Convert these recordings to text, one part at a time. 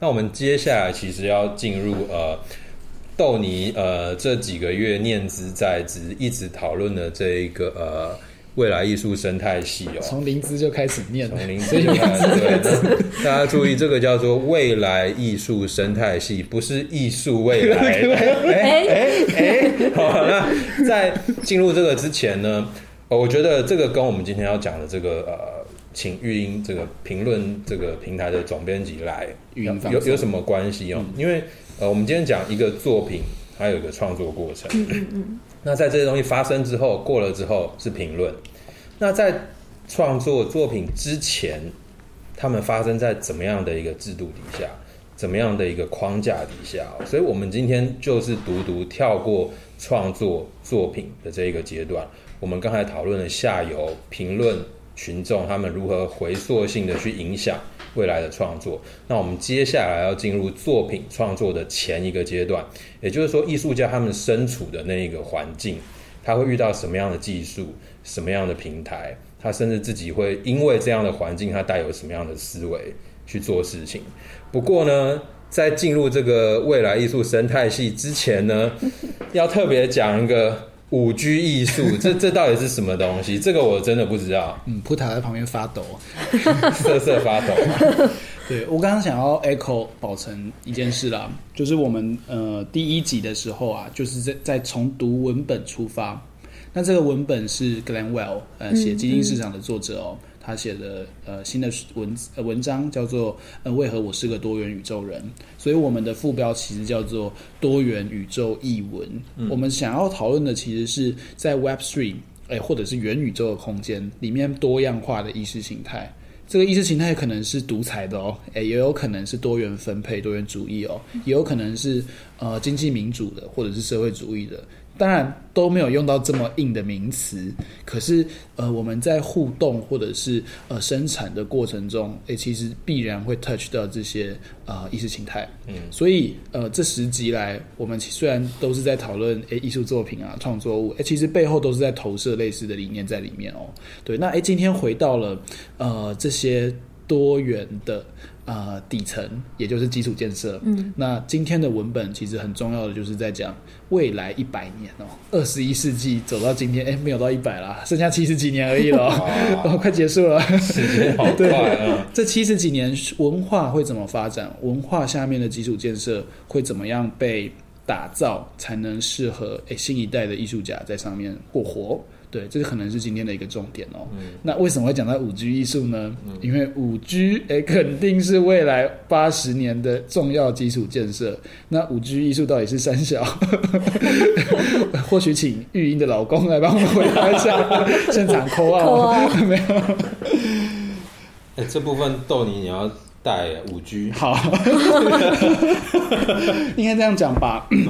那我們接下來其實要進入呃，豆泥呃這幾個月念茲在茲一直討論的這一個呃未來藝術生態系哦，從零芝就開始念了，從零芝就開始，大家注意這個叫做未來藝術生態系，不是藝術未來，哎哎哎，好，那在進入這個之前呢，我覺得這個跟我們今天要講的這個呃。請玉音這個評論這個平台的總編輯來，音方有有什麼關係啊、喔？嗯、因為呃，我們今天講一個作品，還有一個創作過程。嗯,嗯,嗯那在這些東西發生之後，過了之後是評論。那在創作作品之前，他們發生在怎麼樣的一個制度底下，怎麼樣的一個框架底下、喔？所以我們今天就是獨獨跳過創作作品的這一個階段。我們剛才討論了下游評論。評論群眾他們如何回溯性的去影響未來的創作？那我們接下來要進入作品創作的前一個階段，也就是說，藝術家他們身處的那一個環境，他會遇到什麼樣的技術、什麼樣的平台，他甚至自己會因為這樣的環境，他帶有什麼樣的思維去做事情。不過呢，在進入這個未來藝術生態系之前呢，要特別講一個。五 G 藝術，這這到底是什麼東西？ 這個我真的不知道。嗯，葡萄在旁邊發抖， 瑟瑟發抖啊。 對，我剛剛想要 echo 保存一件事啦，就是我們呃第一集的時候啊，就是在在從讀文本出發。那這個文本是 Glenn Well 呃寫基金市場的作者哦。嗯嗯他寫的呃新的文、呃、文章叫做嗯、呃，為何我是個多元宇宙人，所以我們的副標其實叫做多元宇宙譯文。嗯、我們想要討論的其實是在 Web3、欸、或者是元宇宙的空間裡面多樣化的意識形態。這個意識形態可能是獨裁的哦、欸，也有可能是多元分配多元主義哦，也有可能是呃經濟民主的或者是社會主義的。當然都沒有用到這麼硬的名詞，可是呃，我們在互動或者是呃生產的過程中，誒，其實必然會 touch 到這些啊意識形態。嗯，所以呃，這十集來，我們雖然都是在討論誒藝術作品啊創作物，誒，其實背後都是在投射類似的理念在裡面哦。對，那誒，今天回到了呃這些多元的。啊、呃，底層也就是基礎建設。嗯，那今天的文本其實很重要的，就是在講未來一百年哦、喔，二十一世紀走到今天，哎、欸，沒有到一百啦，剩下七十幾年而已咯。哦哇、喔，快結束了，時間好快啊！ 對這七十幾年文化會怎麼發展？文化下面的基礎建設會怎麼樣被打造，才能適合、欸、新一代的藝術家在上面過活？對，這個可能是今天的一個重點哦。嗯、那為什麼會講到五 G 藝術呢？嗯、因為五 G 哎，肯定是未來八十年的重要基礎建設。那五 G 藝術到底是三小？或許請玉音的老公來幫我們回答一下現場，call out 啊， 沒有。哎、欸，這部分逗你，你要帶五 G？好，應該這樣講吧。 嗯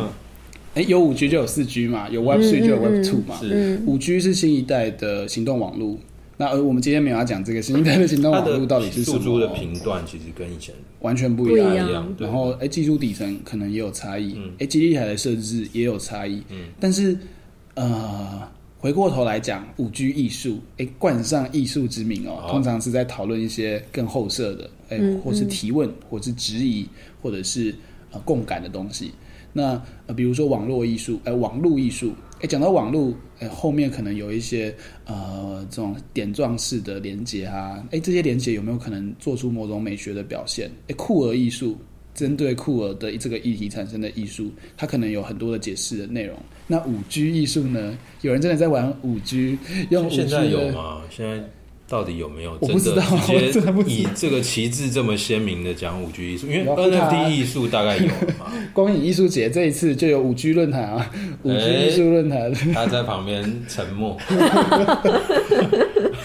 哎，有五 G 就有四 G 嘛，有 Web 3就有 Web 2嘛、嗯嗯嗯。是，五 G 是新一代的行動網絡。那而我們今天沒有要講這個，新一代的行動網絡到底是什麼？數的頻段其實跟以前完全不一樣。然後，哎，技術底層可能也有差異。哎、嗯，基地台的設置也有差異。嗯，但是，呃，回過頭來講，五 G 藝術，哎，冠上藝術之名哦，好通常是在討論一些更後設的，哎、嗯嗯，或是提問，或是質疑，或者是呃共感的東西。那呃，比如說網絡藝術，哎、呃，網絡藝術，哎、欸，講到網絡，哎、欸，後面可能有一些呃這種點狀式的連結啊，哎、欸，這些連結有沒有可能做出某種美學的表現？哎、欸，酷兒藝術針對酷兒的這個議題產生的藝術，它可能有很多的解釋的內容。那五 G 藝術呢？有人真的在玩五 G，用五 G 的。現在有嗎？現在。到底有沒有真的直接的以這個旗幟這麼鮮明的講五 G 藝術？因為 NFT 藝術大概有嗎？ 光影藝術節這一次就有五 G 論壇啊，五 G 藝術論壇。他在旁邊沉默，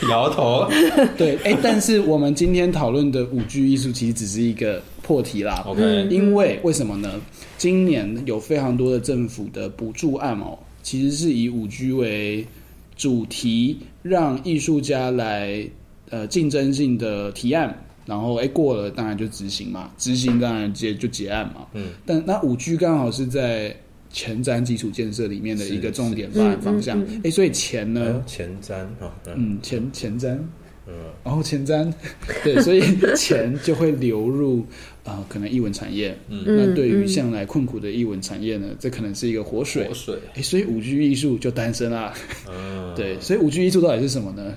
搖頭。 對，哎、欸，但是我們今天討論的五 G 藝術其實只是一個破題啦。OK，因為為什麼呢？今年有非常多的政府的補助案哦、喔，其實是以五 G 為。主題讓藝術家來呃競爭性的提案，然後哎、欸、過了當然就執行嘛，執行當然接就結案嘛。嗯，但那五 G 剛好是在前瞻基礎建設裡面的一個重點發展方向，哎、欸，所以前呢前瞻啊，嗯前前瞻。哦嗯嗯前前瞻呃然後前瞻對，所以錢就會流入啊、 呃，可能藝文產業。嗯，那對於向來困苦的藝文產業呢，這可能是一個活水。活水，欸、所以五 G 藝術就誕生啦。嗯，對，所以五 G 藝術到底是什麼呢？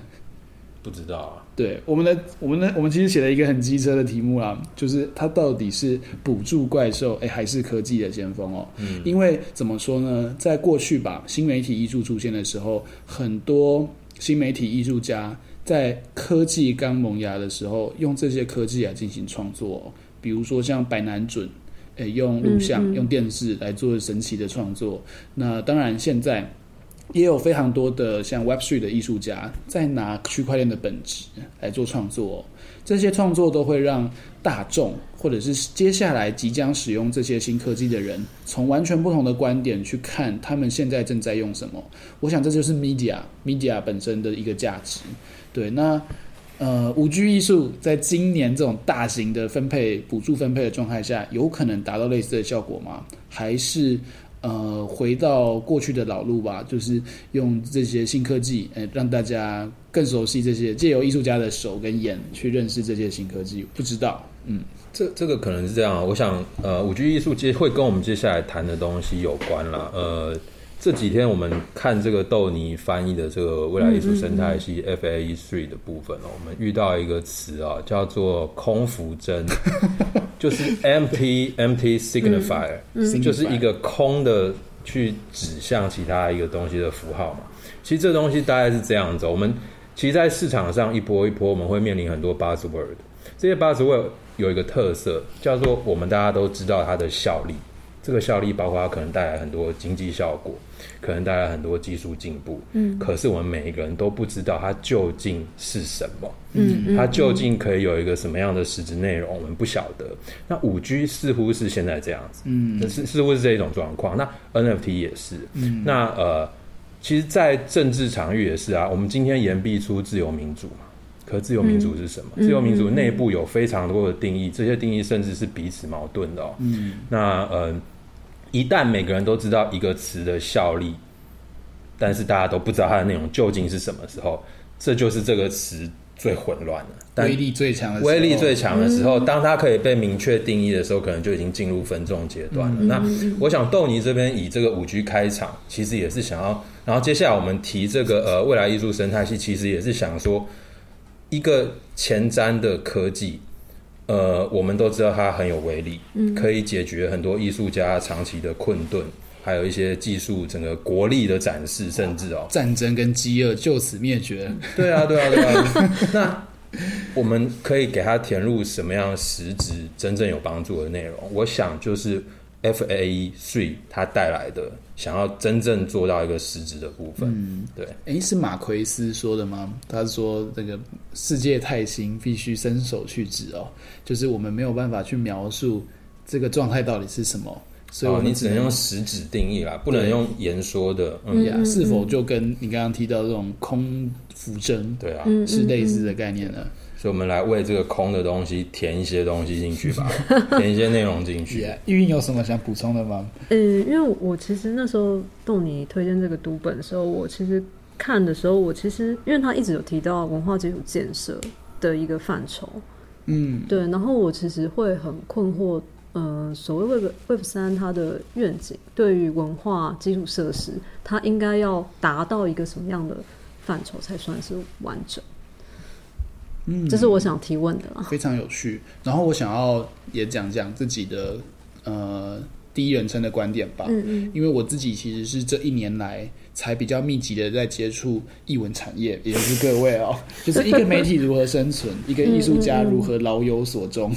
不知道、啊。對，我們的，我們的，我們其實寫了一個很機車的題目啦，就是它到底是補助怪獸，哎、欸，還是科技的先鋒哦、喔？嗯，因為怎麼說呢，在過去吧，新媒體藝術出現的時候，很多新媒體藝術家。在科技剛萌芽的時候，用這些科技來進行創作，哦，比如說像白南準，誒、欸，用錄像、用電視來做神奇的創作。嗯嗯。那當然，現在也有非常多的像 Web3 的藝術家，在拿區塊鏈的本質來做創作，哦。這些創作都會讓大眾，或者是接下來即將使用這些新科技的人，從完全不同的觀點去看他們現在正在用什麼。我想，這就是 media media 本身的一個價值。對，那呃，5G 藝術在今年這種大型的分配、補助分配的狀態下，有可能達到類似的效果嗎？還是呃，回到過去的老路吧，就是用這些新科技，呃，讓大家更熟悉這些，借由藝術家的手跟眼去認識這些新科技。不知道，嗯，這這個可能是這樣啊。我想，呃，5G 藝術其實會跟我們接下來談的東西有關啦。呃。這幾天我們看這個豆泥翻譯的這個未來藝術生態系 （FAE Three） 的部分、哦、嗯嗯我們遇到一個詞啊、哦，叫做空符徵， 就是 M T, “mt mt signifier”，、嗯嗯、就是一個空的去指向其他一個東西的符號嘛。其實這東西大概是這樣子、哦。我們其實在市場上一波一波，我們會面臨很多 buzzword。這些 buzzword 有一個特色，叫做我們大家都知道它的效力。這個效力包括它可能帶來很多經濟效果，可能帶來很多技術進步。嗯，可是我們每一個人都不知道它究竟是什麼，嗯，嗯，嗯，它究竟可以有一個什麼樣的實質內容，我們不曉得。那 5G 似乎是現在這樣子，嗯，是似乎是這一種狀況。那 NFT 也是，嗯，那呃，其實，在政治場域也是啊。我們今天言必出自由民主嘛，可自由民主是什麼？嗯嗯嗯。自由民主內部有非常多的定義，這些定義甚至是彼此矛盾的哦。嗯，那呃。一旦每個人都知道一個詞的效力，但是大家都不知道它的內容究竟是什麼時候，這就是這個詞最混亂的、但威力最強、威力最強的時候。時候，嗯、當它可以被明確定義的時候，可能就已經進入分眾階段了。嗯、那我想，豆泥這邊以這個五 G 開場，其實也是想要，然後接下來我們提這個呃未來藝術生態系，其實也是想說一個前瞻的科技。呃，我們都知道它很有威力，嗯、可以解決很多藝術家長期的困頓，還有一些技術整個國力的展示，甚至哦，戰爭跟飢餓就此滅絕。嗯、對啊，對啊，對啊。 那我們可以給它填入什麼樣實質真正有幫助的內容？我想就是。FAE，它帶來的想要真正做到一個實質的部分，嗯、對，誒，是馬奎斯說的嗎？他說這個世界太新，必須伸手去指哦，就是我們沒有辦法去描述這個狀態到底是什麼，所以只、哦、你只能用實指定義啦，嗯、不能用言說的。對嗯呀，yeah, 是否就跟你剛剛提到這種空浮針？對啊，是類似的概念呢。就我們來為這個空的東西填一些東西進去吧，填一些內容進去。玉音 你有什麼想補充的嗎？嗯，因為我其實那時候逗你推薦這個讀本的時候，我其實看的時候，我其實因為他一直有提到文化基礎建設的一個範疇，嗯，對。然後我其實會很困惑，嗯、呃，所謂 Web3 他的願景對於文化基礎設施，他應該要達到一個什麼樣的範疇才算是完整？這是我想提問的啦，嗯，非常有趣。然後我想要也講講自己的，呃。第一人稱的觀點吧，因為我自己其實是這一年來才比較密集的在接觸藝文產業，也就是各位哦、喔，就是一個媒體如何生存，一個藝術家如何老有所終，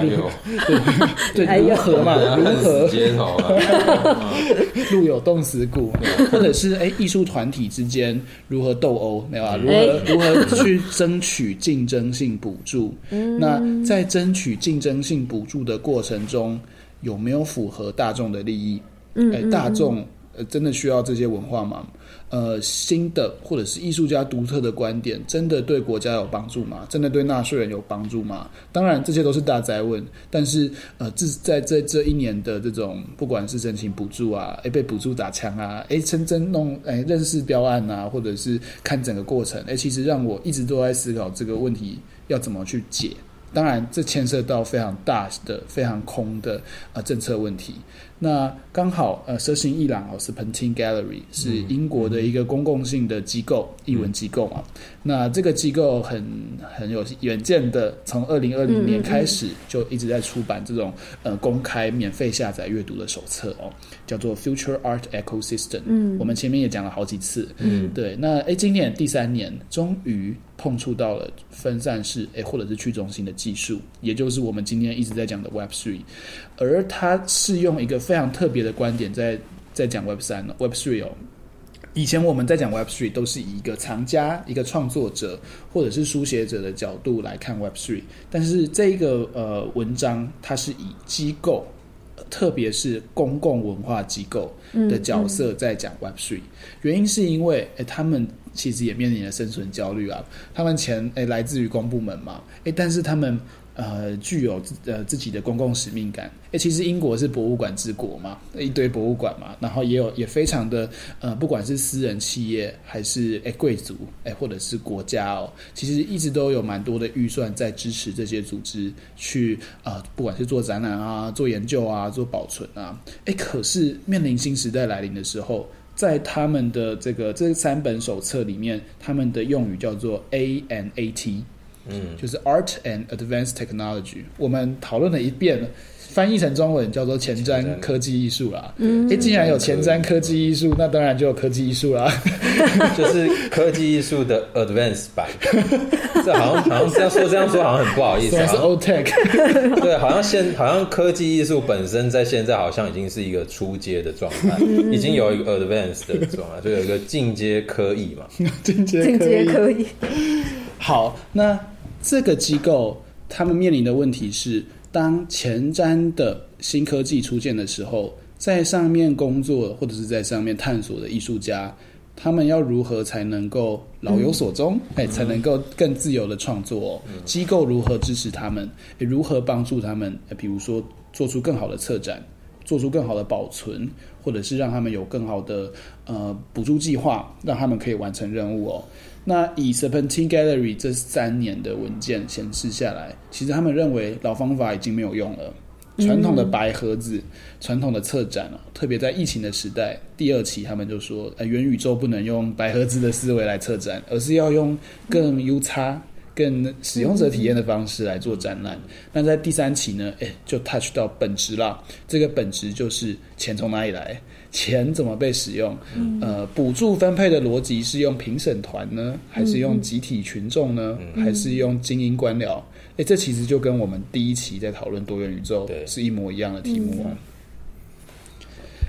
如何、 哎、呦 對如何嘛，啊、如何街頭 路有凍死骨， 或者是哎藝術團體之間如何鬥毆，沒有啊？如何、哎、如何去爭取競爭性補助？ 那在爭取競爭性補助的過程中。有沒有符合大眾的利益？誒、嗯嗯欸，大眾呃真的需要這些文化嗎？呃，新的或者是藝術家獨特的觀點，真的對國家有幫助嗎？真的對納稅人有幫助嗎？當然這些都是大哉問。但是呃，這在這在這一年的這種不管是申請補助啊，誒、欸，被補助打槍啊，哎、欸、真正弄誒、欸，認識標案啊，或者是看整個過程，誒、欸，其實讓我一直都在思考這個問題要怎麼去解。當然，這牽涉到非常大的、非常空的啊政策問題。那剛好，呃，蛇形藝廊哦，是 Serpentine Gallery、嗯、是英國的一個公共性的機構，藝、嗯、文機構啊。嗯、那這個機構很很有遠見的，從二零二零年開始就一直在出版這種呃公開免費下載閱讀的手冊哦，叫做 Future Art Ecosystem。嗯，我們前面也講了好幾次。嗯，對。那誒、欸，今年第三年，終於碰觸到了分散式誒、欸，或者是去中心的技術，也就是我們今天一直在講的 Web Three，而它是用一個。非常特別的觀點在，在在講 We Web 三 Web three 哦，以前我們在講 Web three 都是以一個藏家，一個創作者或者是書寫者的角度來看 Web three，但是這個呃文章它是以機構，特別是公共文化機構的角色在講 Web three，原因是因為誒、欸，他們其實也面臨了生存焦慮啊，他們錢誒、欸，來自於公部門嘛誒、欸，但是他們。呃，具有呃自己的公共使命感。誒，其實英國是博物館之國嘛，一堆博物館嘛，然後也有也非常的呃，不管是私人企業還是誒貴族誒或者是國家哦，其實一直都有蠻多的預算在支持這些組織去啊、呃，不管是做展覽啊、做研究啊、做保存啊。誒，可是面臨新時代來臨的時候，在他們的這個這三本手冊裡面，他們的用語叫做 ANAT。嗯，就是 art and advanced technology。我們討論了一遍，翻譯成中文叫做“前瞻科技藝術”啦。嗯瞻，既、欸、然，有前瞻科技藝術，那當然就有科技藝術啦。 就是科技藝術的 advanced 版。 這好像好像這樣說 這樣說好像很不好意思啊。o tech。 對，好像現好像科技藝術本身在現在好像已經是一個初階的狀態， 已經有一個 advanced 的狀態，就有一個進階科藝嘛。進階 科藝。 科好，那。這個機構他們面臨的問題是：當前瞻的新科技出現的時候，在上面工作或者是在上面探索的藝術家，他們要如何才能夠老有所終？哎、嗯，才能夠更自由的創作？機構如何支持他們？如何幫助他們？比如說，做出更好的策展，做出更好的保存，或者是讓他們有更好的呃補助計劃，讓他們可以完成任務哦。那以 Serpentine Gallery 這三年的文件顯示下來，其實他們認為老方法已經沒有用了，傳統的白盒子、嗯、傳統的策展哦，特別在疫情的時代，第二期他們就說，呃，元宇宙不能用白盒子的思維來策展，而是要用更 UX、嗯、更使用者體驗的方式來做展覽。嗯、那在第三期呢，誒，就 touch 到本質了，這個本質就是錢從哪裡來。錢怎麼被使用？呃，補助分配的邏輯是用評審團呢，還是用集體群眾呢，還是用精英官僚？誒、欸，這其實就跟我們第一期在討論多元宇宙是一模一樣的題目啊。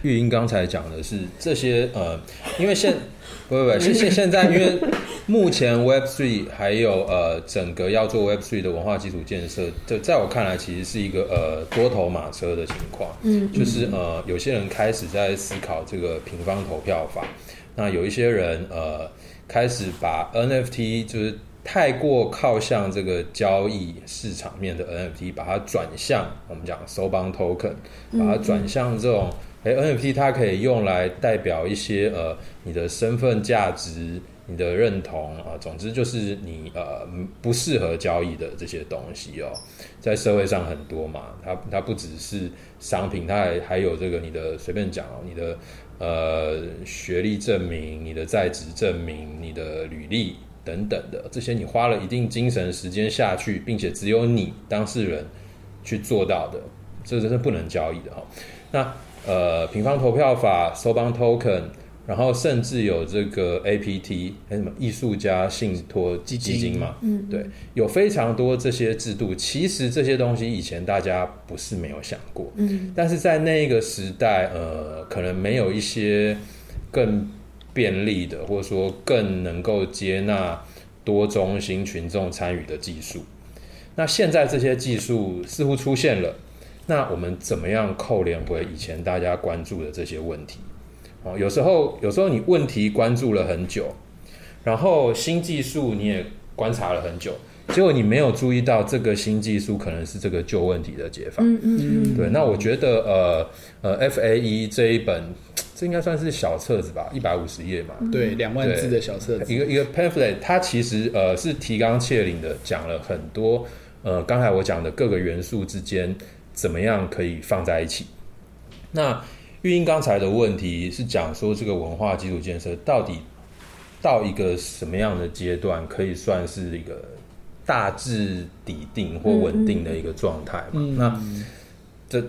玉音剛才講的是這些，呃，因為現 不不不，現現現在因為目前 Web3 還有呃，整個要做 Web3 的文化基礎建設，就在我看來，其實是一個呃多頭馬車的情況，嗯。嗯，就是呃，有些人開始在思考這個平方投票法，那有一些人呃，開始把 NFT 就是太過靠向這個交易市場面的 NFT，把它轉向我們講 Soulbound Token，把它轉向這種。嗯嗯欸，NFT 它可以用來代表一些呃，你的身份價值、你的認同啊，總之就是你呃不適合交易的這些東西哦，在社會上很多嘛，它它不只是商品，它還還有這個你的隨便講哦，你的呃學歷證明、你的在職證明、你的履歷等等的這些，你花了一定精神時間下去，並且只有你當事人去做到的，這這是不能交易的哈。那呃，平方投票法、Soulbound Token，然後甚至有這個 APT，還什麼藝術家信托基基金嘛，嗯，嗯，對，有非常多這些制度。其實這些東西以前大家不是沒有想過，嗯，嗯，但是在那個時代，呃，可能沒有一些更便利的，或者說更能夠接納多中心群眾參與的技術。那現在這些技術似乎出現了。那我們怎麼樣扣連回以前大家關注的這些問題？哦，有時候有時候你問題關注了很久，然後新技術你也觀察了很久，結果你沒有注意到這個新技術可能是這個舊問題的解法。嗯嗯,嗯對，那我覺得呃呃，FAE 這一本，這應該算是小冊子吧，一百五十頁嘛，嗯嗯對，兩萬字的小冊子，一個一個 pamphlet，它其實呃是提綱挈領的，講了很多呃剛才我講的各個元素之間。怎麼樣可以放在一起？那玉音剛才的問題是講說，這個文化基礎建設到底到一個什麼樣的階段可以算是一個大致底定或穩定的一個狀態嘛？嗯嗯嗯，那這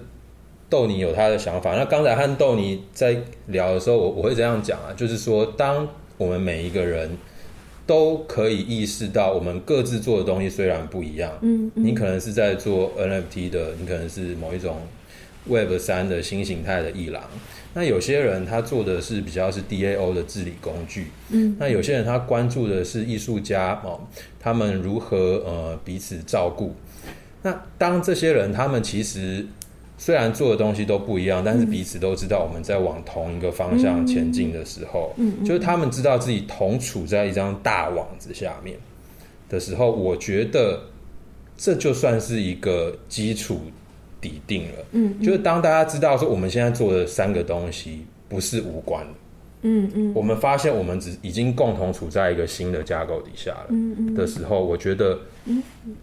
豆尼有他的想法。那剛才和豆尼在聊的時候我，我我會這樣講啊，就是說當我們每一個人。都可以意識到，我們各自做的東西雖然不一樣，嗯嗯、你可能是在做 NFT 的，你可能是某一種 Web3 的新形態的藝廊，那有些人他做的是比較是 DAO 的治理工具，嗯、那有些人他關注的是藝術家，哦，他們如何呃彼此照顧，那當這些人他們其實。雖然做的東西都不一樣，但是彼此都知道我們在往同一個方向前進的時候，嗯嗯嗯、就是他們知道自己同處在一張大網子下面的時候，我覺得這就算是一個基礎底定了。嗯，嗯就是當大家知道說我們現在做的三個東西不是無關，嗯嗯，嗯我們發現我們只已經共同處在一個新的架構底下了，嗯嗯的時候，我覺得，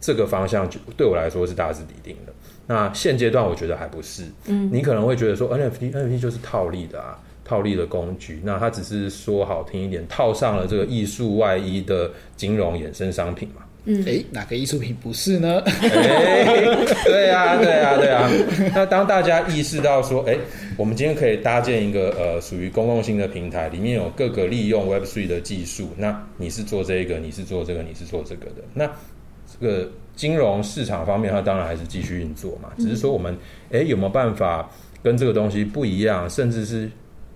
這個方向就對我來說是大致底定了。那現階段我覺得還不是，嗯，你可能會覺得說 NFT NFT 就是套利的啊，套利的工具，那它只是說好聽一點，套上了這個藝術外衣的金融衍生商品嘛，嗯，哎、欸，哪個藝術品不是呢，欸？對啊，對啊，對啊， 那當大家意識到說，哎、欸，我們今天可以搭建一個呃屬於公共性的平台，裡面有各個利用 Web three 的技術，那你是做這個，你是做這個，你是做這個的，那這個。金融市場方面，它當然還是繼續運作嘛，只是說我們誒有沒有辦法跟這個東西不一樣，甚至是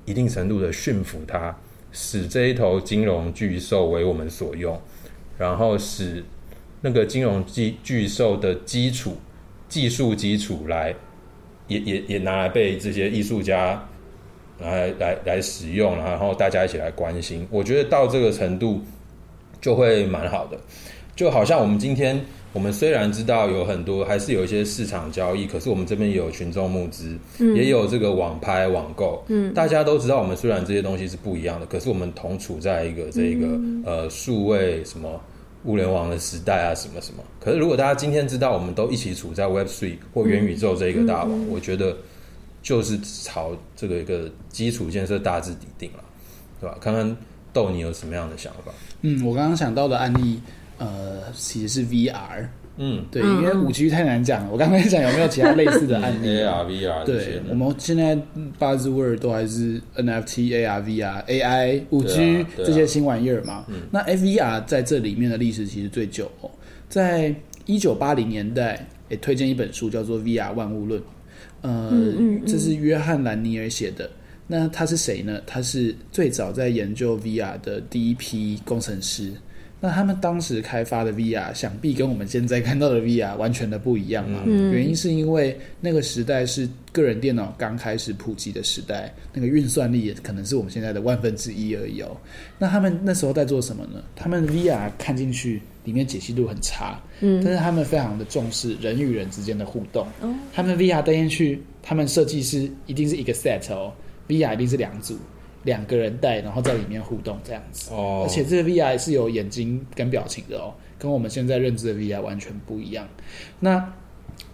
一定程度的馴服它，使這一頭金融巨獸為我們所用，然後使那個金融巨巨獸的基礎技術基礎來也也也拿來被這些藝術家來來來使用，然後大家一起來關心，我覺得到這個程度就會蠻好的，就好像我們今天。我們雖然知道有很多還是有一些市場交易，可是我們這邊也有群眾募資，嗯、也有這個網拍、網購。嗯，大家都知道，我們雖然這些東西是不一樣的，可是我們同處在一個這一個、嗯、呃數位什麼物聯網的時代啊，什麼什麼。可是如果大家今天知道，我們都一起處在 Web3 或元宇宙這個大網，嗯、我覺得就是朝這個一個基礎建設大致底定了，對吧？看看豆你有什麼樣的想法？嗯，我剛剛想到的案例。呃，其實是 VR，嗯，對，因為五 G 太難講了。嗯、我剛才講有沒有其他類似的案例？AR、VR， 嗯、對，我們現在 Buzzword 都還是 NFT、啊、AR、啊、VR、AI、五 G 這些新玩意兒嘛。啊、那 a v r 在這裡面的歷史其實最久、哦，在一九八零年代，也推薦一本書叫做《VR 萬物論》，呃，嗯嗯、這是約翰蘭尼爾寫的。那他是誰呢？他是最早在研究 VR 的第一批工程師。那他們當時開發的 VR，想必跟我們現在看到的 VR 完全的不一樣嘛、啊？原因是因為那個時代是個人電腦剛開始普及的時代，那個運算力也可能是我們現在的萬分之一而已哦。那他們那時候在做什麼呢？他們 VR 看進去裡面解析度很差，嗯，但是他們非常的重視人與人之間的互動。他們 VR 戴進去，他們設計師一定是一個 set 哦，VR 一定是兩組。兩個人戴，然後在裡面互動這樣子，哦，oh. 而且這個 VR 是有眼睛跟表情的哦，跟我們現在認知的 VR 完全不一樣。那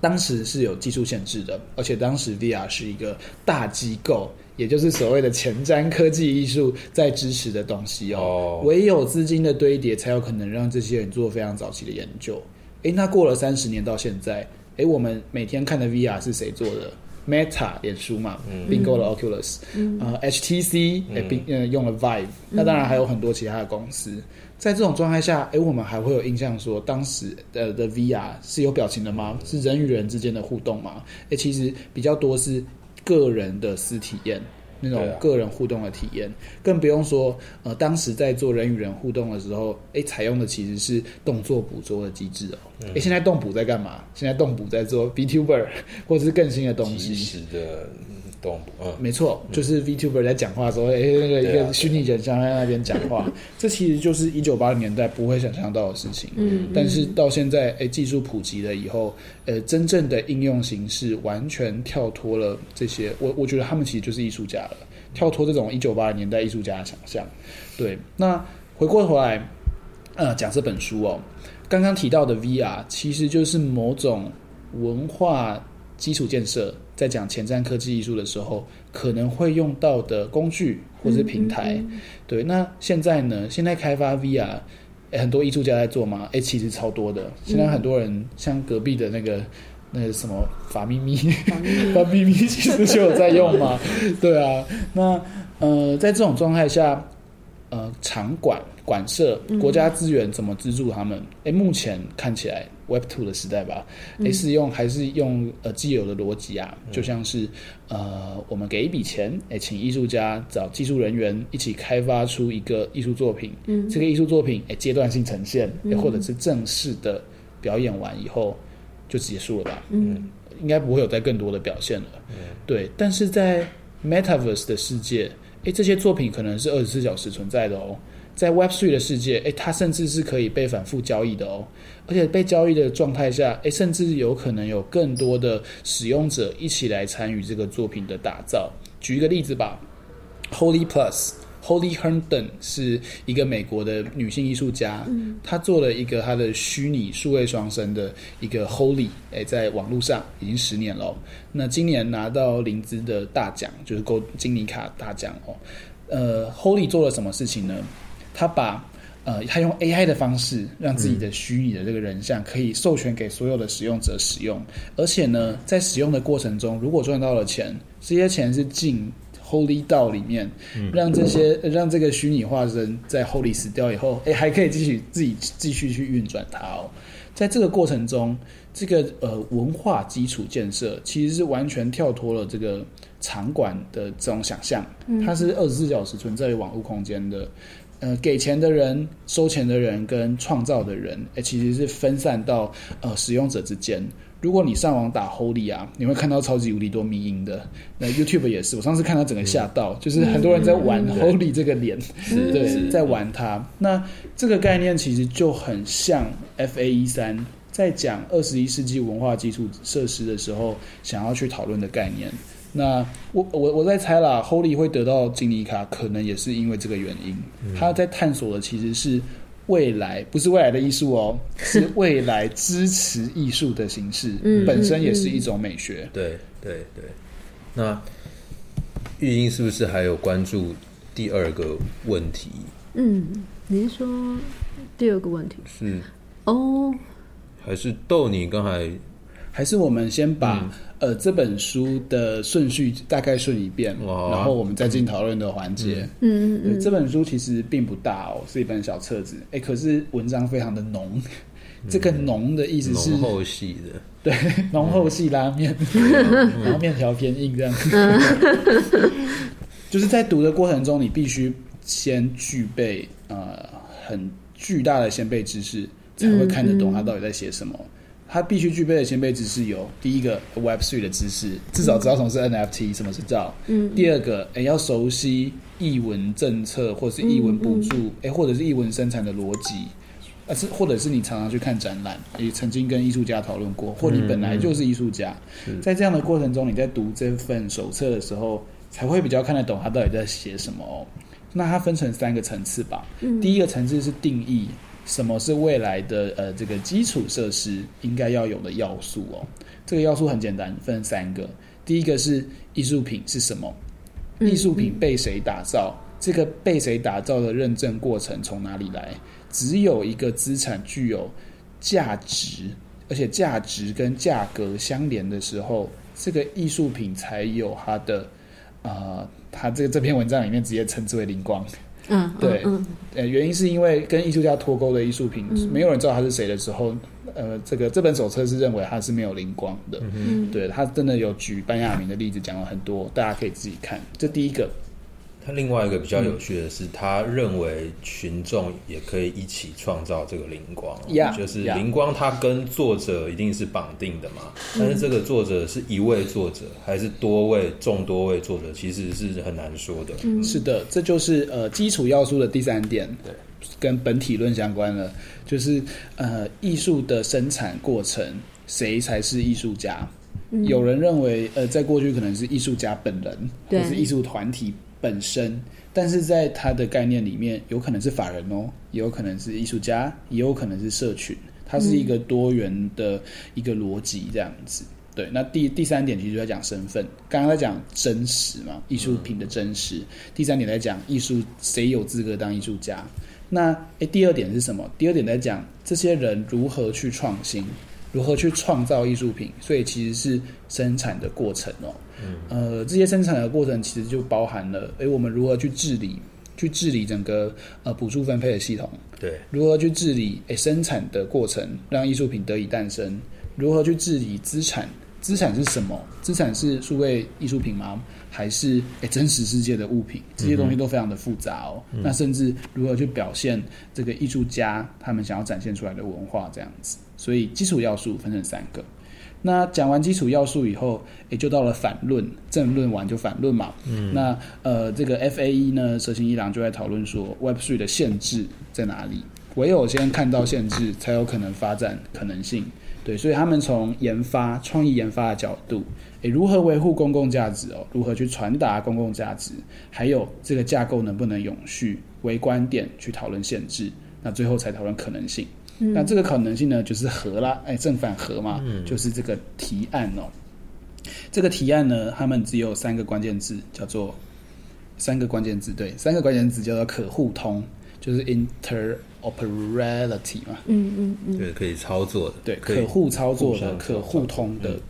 當時是有技術限制的，而且當時 VR 是一個大機構，也就是所謂的前瞻科技藝術在支持的東西哦，oh. 唯有資金的堆疊才有可能讓這些人做非常早期的研究。欸，那過了三十年到現在，欸，我們每天看的 VR 是誰做的？Meta 臉書嘛，併購了 Oculus，呃 HTC，哎併用了 Vive，那、嗯、當然還有很多其他的公司。在這種狀態下，哎、欸，我們還會有印象說，當時的、呃、的 VR 是有表情的嗎？是人與人之間的互動嗎？哎、欸，其實比較多是個人的私體驗。那種個人互動的體驗，啊、更不用說，呃，當時在做人與人互動的時候，誒、欸、採用的其實是動作捕捉的機制哦、喔。誒、嗯、欸、現在動捕在幹嘛？現在動捕在做 VTuber 或者是更新的東西。懂，嗯，沒錯，就是 VTuber 在講話的時候，誒、嗯，那個、欸、一個虛擬人像在那邊講話，啊啊、這其實就是一九八零年代不會想象到的事情。嗯， 但是到現在，欸、技術普及了以後、呃，真正的應用形式完全跳脫了這些。我我覺得他們其實就是藝術家了，跳脫這種一九八零年代藝術家的想象。對，那回過頭來，講、呃、這本書哦，剛剛提到的 VR 其實就是某種文化基礎建設。在講前瞻科技藝術的時候，可能會用到的工具或是平台，嗯嗯嗯對。那現在呢？現在開發 VR，欸，很多藝術家在做嘛，欸，其實超多的。現在很多人，嗯，像隔壁的那個那個什麼法咪咪，法咪咪， 法咪咪其實就有在用嘛？ 對啊。那呃，在這種狀態下。呃，場館、館舍、國家資源怎麼資助他們？哎、嗯欸，目前看起來 Web Two 的時代吧，也、欸、是用還是用呃既有的邏輯啊，嗯、就像是呃我們給一筆錢，欸、請藝術家找技術人員一起開發出一個藝術作品，嗯，這個藝術作品哎階、欸、段性呈現、欸，或者是正式的表演完以後就結束了吧，嗯，應該不會有再更多的表現了，嗯、對。但是在 Metaverse 的世界。哎，這些作品可能是二十四小時存在的哦，在 Web3 的世界，誒，它甚至是可以被反覆交易的哦，而且被交易的狀態下，誒，甚至有可能有更多的使用者一起來參與這個作品的打造。舉一個例子吧，Holy Plus。Holly Herndon 是一個美國的女性藝術家，嗯、她做了一個她的虛擬數位雙生的一個 Holly，誒、欸，在網絡上已經十年了喔。那今年拿到林茲的大獎，就是 g 金尼卡大獎哦喔。呃，Holly 做了什麼事情呢？她把呃，她用 AI 的方式，讓自己的虛擬的這個人像可以授權給所有的使用者使用，而且呢，在使用的過程中，如果賺到了錢，這些錢是進。Holy 道裡面，讓這些讓這個虛擬化身在 Holy 死掉以後，哎、欸，還可以繼續自己繼續去運轉它哦。在這個過程中，這個呃文化基礎建設其實是完全跳脫了這個場館的這種想象，它是二十四小時存在於網絡空間的。呃，給錢的人、收錢的人跟創造的人，哎、欸，其實是分散到呃使用者之間。如果你上網打 Holy 啊，你會看到超級無敵多迷因的。那 YouTube 也是，我上次看他整個嚇到，嗯、就是很多人在玩 Holy 這個臉，對，在玩它。那這個概念其實就很像 FAE 三在講二十一世紀文化基礎設施的時候想要去討論的概念。那我我我在猜啦，Holy 會得到金尼卡，可能也是因為這個原因。嗯、他在探索的其實是。未來不是未來的藝術哦，是未來支持藝術的形式， 本身也是一種美學。嗯嗯嗯、對對對，那玉音是不是還有關注第二個問題？嗯，您說第二個問題是哦，oh、還是逗你剛才？還是我們先把、嗯、呃這本書的順序大概順一遍，哦啊、然後我們再進討論的環節、嗯。嗯嗯、呃、這本書其實並不大哦，是一本小冊子、欸。可是文章非常的濃。嗯、 這個濃的意思是濃厚系的，對，濃厚系拉麵，嗯、 然後麵條偏硬這樣 就是在讀的過程中，你必須先具備呃很巨大的先備知識，才會看得懂、嗯、它到底在寫什麼。他必須具備的先備知識有，第一個 Web3 的知識，至少知道什麼是 NFT，嗯、什麼是 DAO；嗯。第二個，欸、要熟悉藝文政策或是藝文補助，或者是藝文，嗯嗯欸、文生產的邏輯、啊，是或者是你常常去看展覽，也曾經跟藝術家討論過，或你本來就是藝術家，嗯、在這樣的過程中，你在讀這份手冊的時候，是才會比較看得懂他到底在寫什麼、哦。那它分成三個層次吧，嗯、第一個層次是定義。什麼是未來的呃這個基礎設施應該要有的要素哦？這個要素很簡單，分三個。第一個是藝術品是什麼？藝術品被誰打造？這個被誰打造的認證過程從哪裡來？只有一個資產具有價值，而且價值跟價格相連的時候，這個藝術品才有它的啊、呃，它這這篇文章裡面直接稱之為“靈光”。嗯，對，呃、嗯，原因是因為跟藝術家脫鈎的藝術品，嗯、沒有人知道他是誰的時候，呃，這個這本手冊是認為他是沒有靈光的，嗯哼，對，他真的有舉班雅明的例子，講了很多，大家可以自己看，這第一個。另外一個比較有趣的是，他認為群眾也可以一起創造這個靈光。Yeah, 就是靈光，它跟作者一定是綁定的嘛。Yeah. 但是這個作者是一位作者，嗯、還是多位、眾多位作者，其實是很難說的。嗯，是的，這就是呃基礎要素的第三點，對跟本體論相關了，就是呃藝術的生產過程，誰才是藝術家？嗯、有人認為，呃，在過去可能是藝術家本人，對或是藝術團體本身，但是在他的概念裡面，有可能是法人哦，也有可能是藝術家，也有可能是社群，它是一個多元的一個邏輯這樣子。嗯、對，那第第三點其實就在講身份，剛剛在講真實嘛，藝術品的真實。第三點在講藝術，誰有資格當藝術家？那誒、欸，第二點是什麼？第二點在講這些人如何去創新。如何去創造藝術品？所以其實是生產的過程哦。嗯，呃，這些生產的過程其實就包含了：哎，我們如何去治理？去治理整個呃補助分配的系統？對，如何去治理？誒，生產的過程讓藝術品得以誕生？如何去治理資產？資產是什麼？資產是數位藝術品嗎？還是、欸、真實世界的物品？這些東西都非常的複雜哦。嗯、哼那甚至如何去表現這個藝術家他們想要展現出來的文化這樣子？所以基礎要素分成三個。那講完基礎要素以後，也、欸、就到了反論、正論完就反論嘛。嗯。那呃，這個 FAE 呢，蛇形藝廊就在討論說 Web Three 的限制在哪裡？唯有先看到限制，才有可能發展可能性。對，所以他們從研發、創意研發的角度誒，如何維護公共價值哦？如何去傳達公共價值？還有這個架構能不能永續？為觀點去討論限制，那最後才討論可能性。嗯、那這個可能性呢，就是合啦，哎，正反合嘛，就是這個提案哦。嗯、這個提案呢，他們只有三個關鍵字，叫做三個關鍵字，對，三個關鍵字叫做可互通，就是 inter。operability 嘛，嗯嗯嗯，嗯嗯對，可以操作的，對，可互操作的，可互通的，嗯嗯、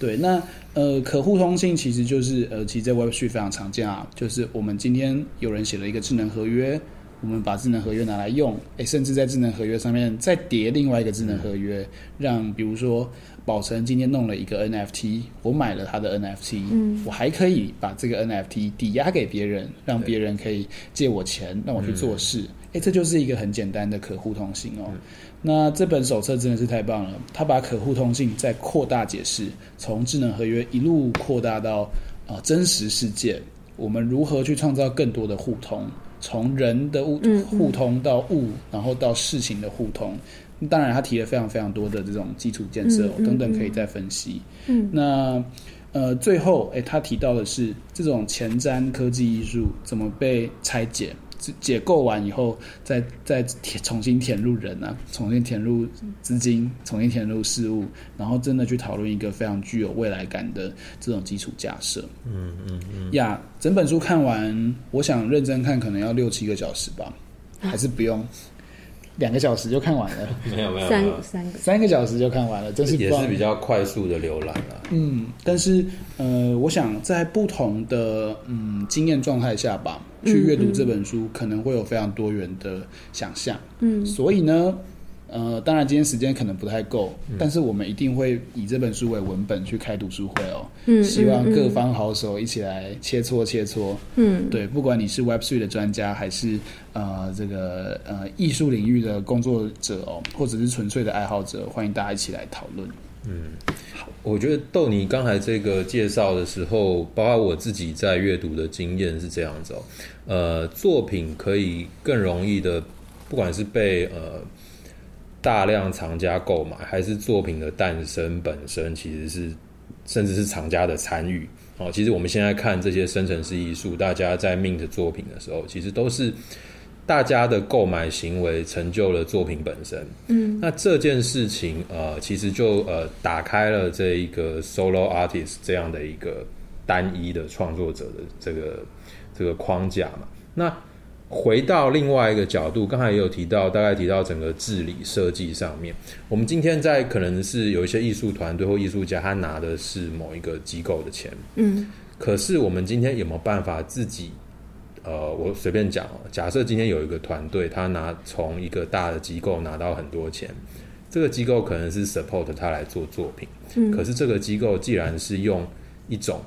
對。那呃，可互通性其實就是呃，其實在 Web3 非常常見啊。就是我們今天有人寫了一個智能合約，我們把智能合約拿來用，誒、欸，甚至在智能合約上面再疊另外一個智能合約，嗯、讓比如說寶成今天弄了一個 NFT，我買了他的 NFT，嗯，我還可以把這個 NFT 抵押給別人，讓別人可以借我錢，對讓我去做事。嗯哎，這就是一個很簡單的可互通性哦。嗯、那這本手冊真的是太棒了，它把可互通性再擴大解釋，從智能合約一路擴大到啊、呃、真實世界，我們如何去創造更多的互通？從人的物互通到物，、嗯嗯、到物，然後到事情的互通。當然，他提了非常非常多的這種基礎建設、哦嗯嗯、等等可以再分析。嗯，那呃最後，哎，他提到的是這種前瞻科技藝術怎麼被拆解？解構完以後再、再再填、重新填入人啊，重新填入資金，重新填入事物，然後真的去討論一個非常具有未來感的這種基礎架設、嗯。嗯嗯嗯呀，yeah, 整本書看完，我想認真看，可能要六七個小時吧，嗯、還是不用。兩個小時就看完了， 沒有沒有三 三個小時就看完了，真是也是比較快速的瀏覽了。嗯，但是呃，我想在不同的嗯經驗狀態下吧，嗯、去閱讀這本書、嗯、可能會有非常多元的想象。嗯，所以呢。呃，當然今天時間可能不太夠，但是我們一定會以這本書為文本去開讀書會哦。嗯，希望各方好手一起來切磋切磋。嗯，嗯對，不管你是 Web3 的專家，還是呃這個呃藝術領域的工作者哦，或者是純粹的愛好者，歡迎大家一起來討論。嗯，好，我覺得豆你剛才這個介紹的時候，包括我自己在閱讀的經驗是這樣子哦。呃，作品可以更容易的，不管是被呃。大量藏家購買，還是作品的誕生本身其實是，甚至是藏家的參與哦。其實我們現在看這些生成式藝術，大家在 mint 作品的時候，其實都是大家的購買行為成就了作品本身。嗯，那這件事情呃，其實就呃打開了這一個 solo artist 這樣的一個單一的創作者的這個這個框架嘛。那回到另外一個角度，剛才也有提到，大概提到整個治理設計上面。我們今天在可能是有一些藝術團隊或藝術家，他拿的是某一個機構的錢，嗯。可是我們今天有沒有辦法自己？呃，我隨便講。假設今天有一個團隊，他拿從一個大的機構拿到很多錢，這個機構可能是 support 他來做作品，嗯。可是這個機構既然是用一種。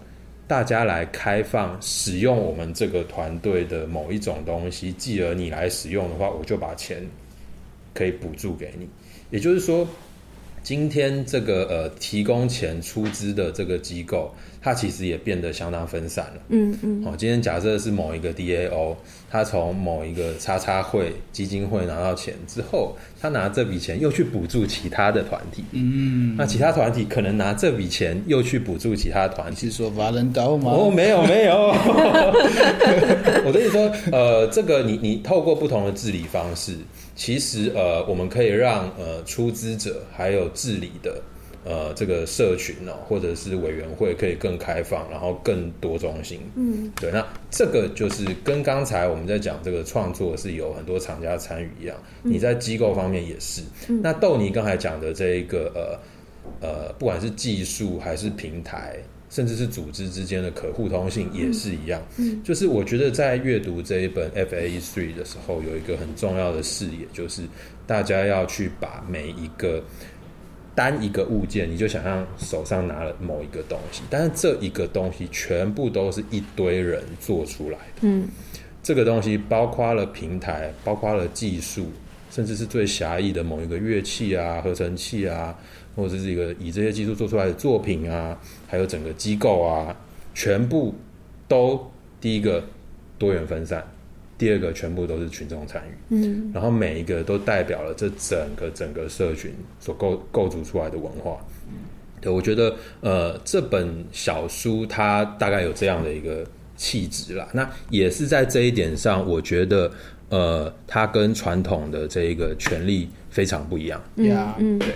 大家來開放使用我們這個團隊的某一種東西，繼而你來使用的話，我就把錢可以補助給你。也就是說，今天這個呃提供錢出資的這個機構，它其實也變得相當分散了。嗯嗯，嗯今天假設是某一個 DAO，他從某一個叉叉會基金會拿到錢之後，他拿這筆錢又去補助其他的團體。嗯，那其他團體可能拿這筆錢又去補助其他團體。是說瓦倫高嗎？哦，沒有沒有。 我跟你說，呃，這個你你透過不同的治理方式，其實呃，我們可以讓呃出資者還有治理的。呃，這個社群呢、哦，或者是委員會可以更開放，然後更多中心。嗯，對，那這個就是跟剛才我們在講這個創作是有很多廠家參與一樣，嗯、你在機構方面也是。嗯、那豆尼剛才講的這一個呃呃，不管是技術還是平台，甚至是組織之間的可互通性也是一樣。嗯，就是我覺得在閱讀這一本 FAE Three 的時候，有一個很重要的視野，就是大家要去把每一個。單一個物件，你就想象手上拿了某一個東西，但是這一個東西全部都是一堆人做出來的。嗯，這個東西包括了平台，包括了技術，甚至是最狹義的某一個樂器啊、合成器啊，或者是一個以這些技術做出來的作品啊，還有整個機構啊，全部都第一個多元分散。第二個全部都是群眾參與，嗯，然後每一個都代表了這整個整個社群所構構築出來的文化，嗯、對，我覺得呃，這本小書它大概有這樣的一個氣質啦。嗯、那也是在這一點上，我覺得呃，它跟傳統的這一個權力非常不一樣，嗯，對。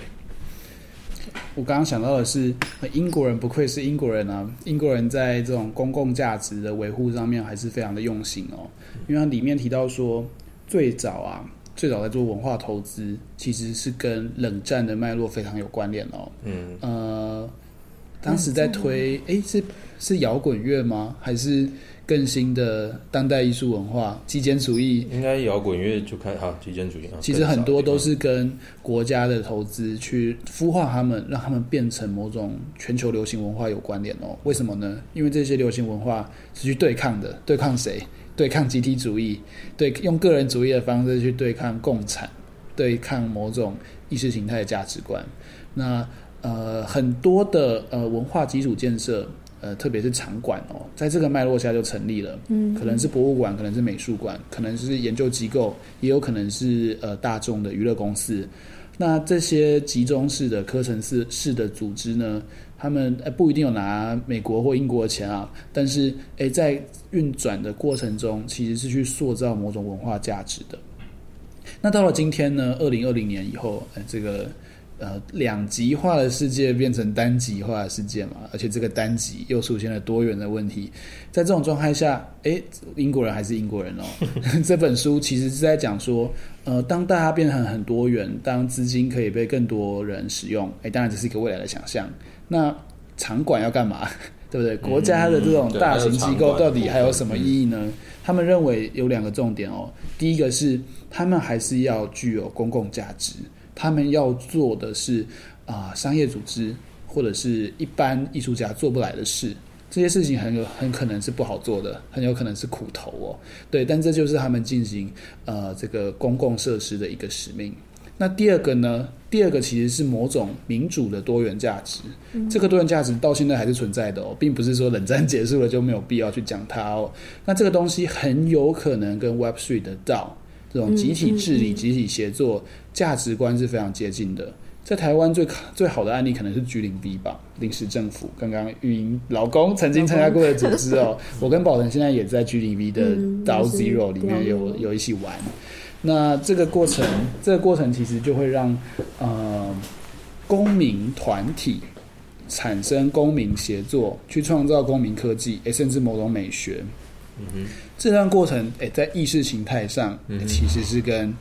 我剛剛想到的是，英國人不愧是英國人啊，英國人在這種公共價值的維護上面還是非常的用心哦。因為他裡面提到說，最早啊，最早在做文化投資，其實是跟冷戰的脈絡非常有關聯哦、喔。嗯，呃，當時在推，誒、嗯欸、是是搖滾樂嗎？還是更新的當代藝術文化、極簡主義？應該搖滾樂就看啊，極簡主義其實很多都是跟國家的投資去孵化他們，讓他們變成某種全球流行文化有關聯哦、喔。為什麼呢？因為這些流行文化是去對抗的，對抗誰？對抗集體主義，對用個人主義的方式去對抗共產，對抗某種意識形態的價值觀。那呃很多的呃文化基礎建設，呃特別是場館哦，在這個脈絡下就成立了，嗯，可能是博物館，可能是美術館，可能是研究機構，也有可能是呃大眾的娛樂公司。那這些集中式的、科層式式的組織呢？他們不一定有拿美國或英國的錢啊，但是誒、欸，在運轉的過程中，其實是去塑造某種文化價值的。那到了今天呢？2020年以後，欸、這個呃兩極化的世界變成單極化的世界嘛，而且這個單極又出現了多元的問題。在這種狀態下，誒、欸，英國人還是英國人哦。 這本書其實是在講說，呃當大家變成很多元，當資金可以被更多人使用，誒、欸，當然這是一個未來的想象。那場館要幹嘛，嗯、對不對？國家的這種大型機構到底還有什麼意義呢？他們認為有兩個重點哦。第一個是他們還是要具有公共價值，他們要做的是啊、呃、商業組織或者是一般藝術家做不來的事。這些事情很有很可能是不好做的，很有可能是苦頭哦。對，但這就是他們進行呃這個公共設施的一個使命。那第二個呢？第二個其實是某種民主的多元價值，嗯、這個多元價值到現在還是存在的哦，並不是說冷戰結束了就沒有必要去講它哦。那這個東西很有可能跟 Web Three 的 DAO 這種集體治理、嗯、集體協作價、嗯嗯、值觀是非常接近的。在台灣最最好的案例可能是 g0v 吧，臨時政府剛剛運營老公曾經參加過的組織哦。老公 我跟寶騰現在也在 g0v 的 DAO、嗯、Zero 裡面有有一起玩。那這個過程，這個過程其實就會讓呃公民團體產生公民協作，去創造公民科技、欸，甚至某種美學。嗯、哼這段過程、欸、在意識形態上、欸、其實是跟、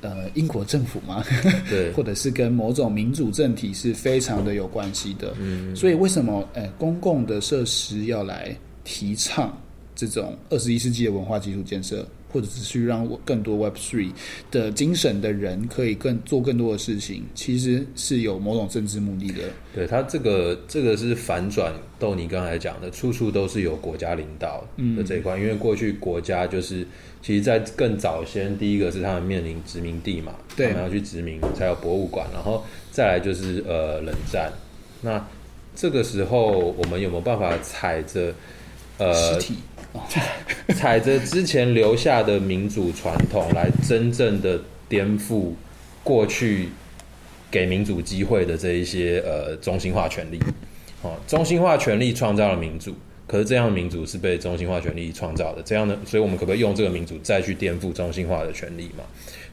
呃、英國政府嘛， 對，或者是跟某種民主政體是非常的有關係的。嗯、哼所以為什麼、欸、公共的設施要來提倡這種二十一世紀的文化基礎建設？或者只是讓我更多 Web3 的精神的人可以更做更多的事情，其實是有某種政治目的的。對，它這個這個是反轉，到你剛才講的，處處都是有國家領導的這一塊。嗯、因為過去國家就是，其實，在更早先，嗯、第一個是他們面臨殖民地嘛，對，然後去殖民才有博物館，然後再來就是呃冷戰。那這個時候，我們有沒有辦法踩着呃 踩着之前留下的民主傳統來，真正的顛覆過去給民主機會的這一些呃中心化權力，好，中心化權力創、哦、造了民主，可是這樣的民主是被中心化權力創造的，這樣的，所以我們可不可以用這個民主再去顛覆中心化的權力嘛？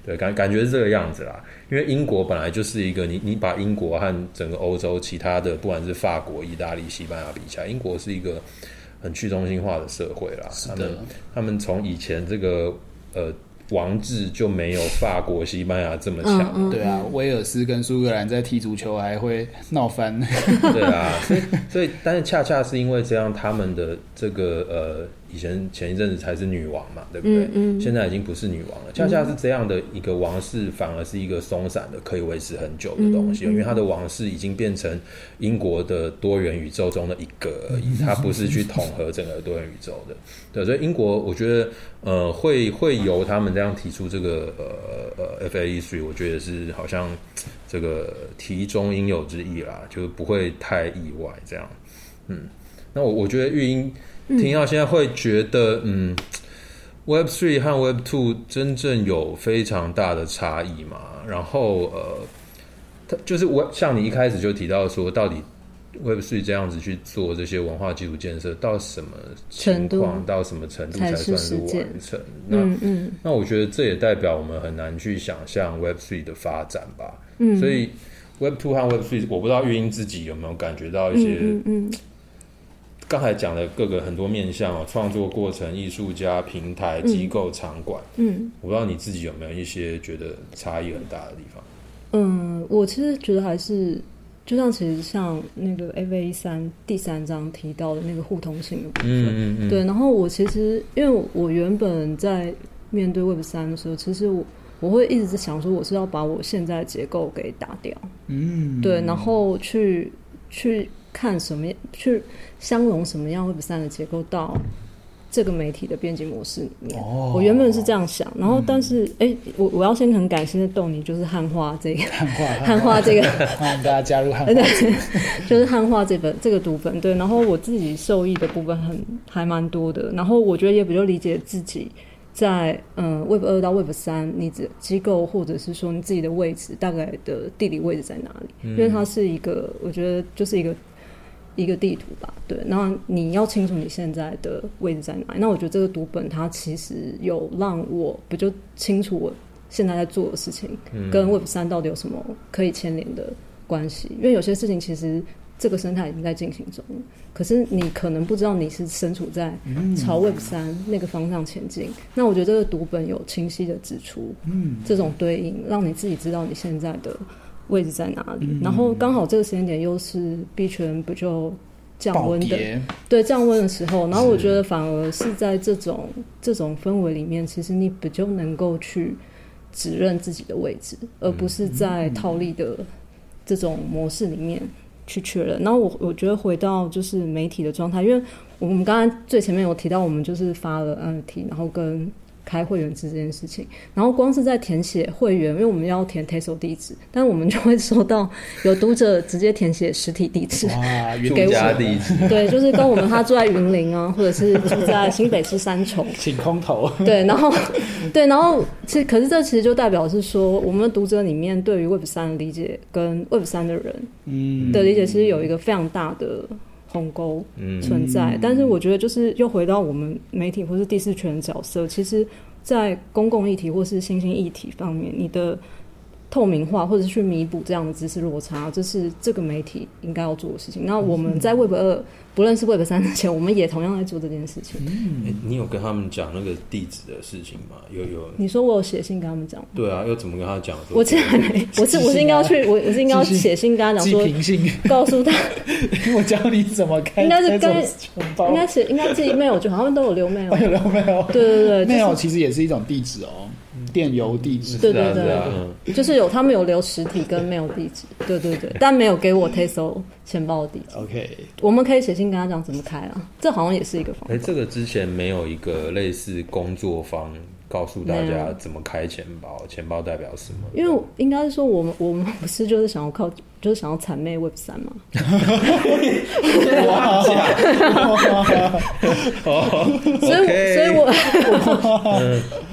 對，感感覺是這個樣子啦，因為英國本來就是一個，你你把英國和整個歐洲其他的，不管是法國、意大利、西班牙比起來，英國是一個。很去中心化的社會啦，是的他們他們從以前這個呃王制就沒有法國、西班牙這麼強，嗯嗯對啊，威爾斯跟蘇格蘭在踢足球還會鬧翻。 對啊，所以所以但是恰恰是因為這樣，他們的這個呃。以前前一陣子才是女王嘛，對不對？嗯嗯、現在已經不是女王了，恰恰是這樣的一個王室反而是一個鬆散的、可以維持很久的東西，嗯、因為它的王室已經變成英國的多元宇宙中的一個而已，它不是去統合整個多元宇宙的。對，所以英國我覺得呃，會會由他們這樣提出這個呃呃，F A E 3，我覺得是好像這個題中應有之意啦，就是不會太意外這樣。嗯，那我我覺得玉音。聽到現在會覺得，嗯，Web Three 和 Web Two 真正，有非常大的差異嘛？然後，呃，它，就是我像你一開始就提到說，到底 Web Three 這樣子去做這些文化基礎建設，到什麼情況，程度到什麼程度才算是完成？那，嗯，嗯那我覺得這也代表我們很難去想象 Web Three 的發展吧。嗯、所以，Web Two 和 Web Three，我不知道玉音自己有沒有感覺到一些，嗯，嗯，嗯。剛才講的各個很多面向哦，創作過程、藝術家、平台、機構、嗯、場館，嗯，我不知道你自己有沒有一些覺得差異很大的地方。嗯，我其實覺得還是，就像其實像那個 FAE 三、第三章提到的那個互通性的部分，嗯嗯嗯，嗯對。然後我其實因為我原本在面對 Web 三的時候，其實我我會一直在想說，我是要把我現在的結構給打掉，嗯，對，然後去去。看什麼去相容什麼樣 Web 三的結構到這個媒體的編輯模式裡面，oh, 我原本是這樣想。然後，但是哎、嗯欸，我我要先很感性的逗你，就是漢化這個漢化漢化，漢化這個，歡迎大家加入漢化對，就是漢化這本這個讀本。對，然後我自己受益的部分很還蠻多的。然後我覺得也比較理解自己在嗯 Web 二到 Web 三你機構或者是說你自己的位置大概的地理位置在哪裡，嗯、因為它是一個我覺得就是一個。一個地圖吧，對，那你要清楚你現在的位置在哪？那我覺得這個讀本它其實有讓我比較清楚我現在在做的事情跟 Web 三到底有什麼可以牽連的關係？因為有些事情其實這個生態已經在進行中，可是你可能不知道你是身處在朝 Web 三那個方向前進。嗯、那我覺得這個讀本有清晰的指出，這種對應，讓你自己知道你現在的。位置在哪裡？嗯、然後剛好這個時間點又是幣圈，不就降溫的，跌對，降溫的時候，然後我覺得反而是在這種是這種氛圍裡面，其實你不就能夠去指認自己的位置，而不是在套利的這種模式裡面去確認。嗯、然後我我覺得回到就是媒體的狀態，因為我們剛才最前面有提到，我們就是發了 NFT 然後跟。開會員制這件事情，然後光是在填寫會員，因為我們要填 Tezos 地址，但我們就會收到有讀者直接填寫實體地址啊，原住家的地址，對，就是跟我們他住在雲林啊， 或者是住在新北市三重，請空投對，然後對，然後其實可是這其實就代表是說，我們讀者裡面對於 Web 三的理解，跟 Web 三的人嗯的理解，其實有一個非常大的。鴻溝存在，嗯、但是我覺得就是又回到我們媒體或是第四權角色，其實，在公共議題或是新興議題方面，你的。透明化，或者是去彌補這樣的知識落差，這是這個媒體應該要做的事情。那我們在 Web 2不認識 Web 3之前，我們也同樣在做這件事情。嗯，欸、你有跟他們講那個地址的事情嗎？有有？你說我有寫信跟他們講？對啊，要怎麼跟他講？我竟然還沒，我是、啊、我是應該要去，我我是應該要寫信跟他講說，憑 告訴他 我教你怎麼開，應該是跟，應該是應該自己 mail 就好像都有留 mail 有沒 mail 有留 email 其實也是一種地址哦。電郵地址、啊啊、對對對，是啊，就是有他們有留實體跟沒有地址， 對對對，但沒有給我 Tesla 錢包的地址。OK， 我們可以寫信跟他講怎麼開啊，這好像也是一個方式。哎，欸，這個之前沒有一個類似工作坊？告訴大家怎麼開錢包，錢包代表什麼？因為應該是說，我們我們不是就是想要靠，就是想要諂媚 Web 三嗎？所以，我所以，我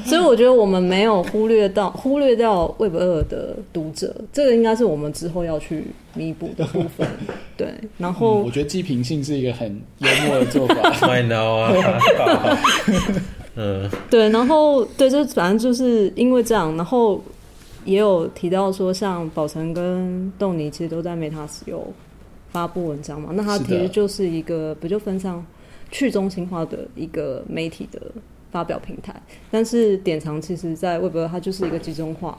所以我覺得我們沒有忽略到忽略掉 Web 二的讀者，這個應該是我們之後要去彌補的部分。對，然後我覺得寄平信是一個很幽默的做法。I know 啊。嗯，呃、對，然後對，就反正就是因為這樣，然後也有提到說，像寶成跟豆泥其實都在 Matters 有發布文章嘛，的那它其實就是一個不就分上去中心化的一個媒體的發表平台，但是典藏其實在 Web3 它就是一個集中化，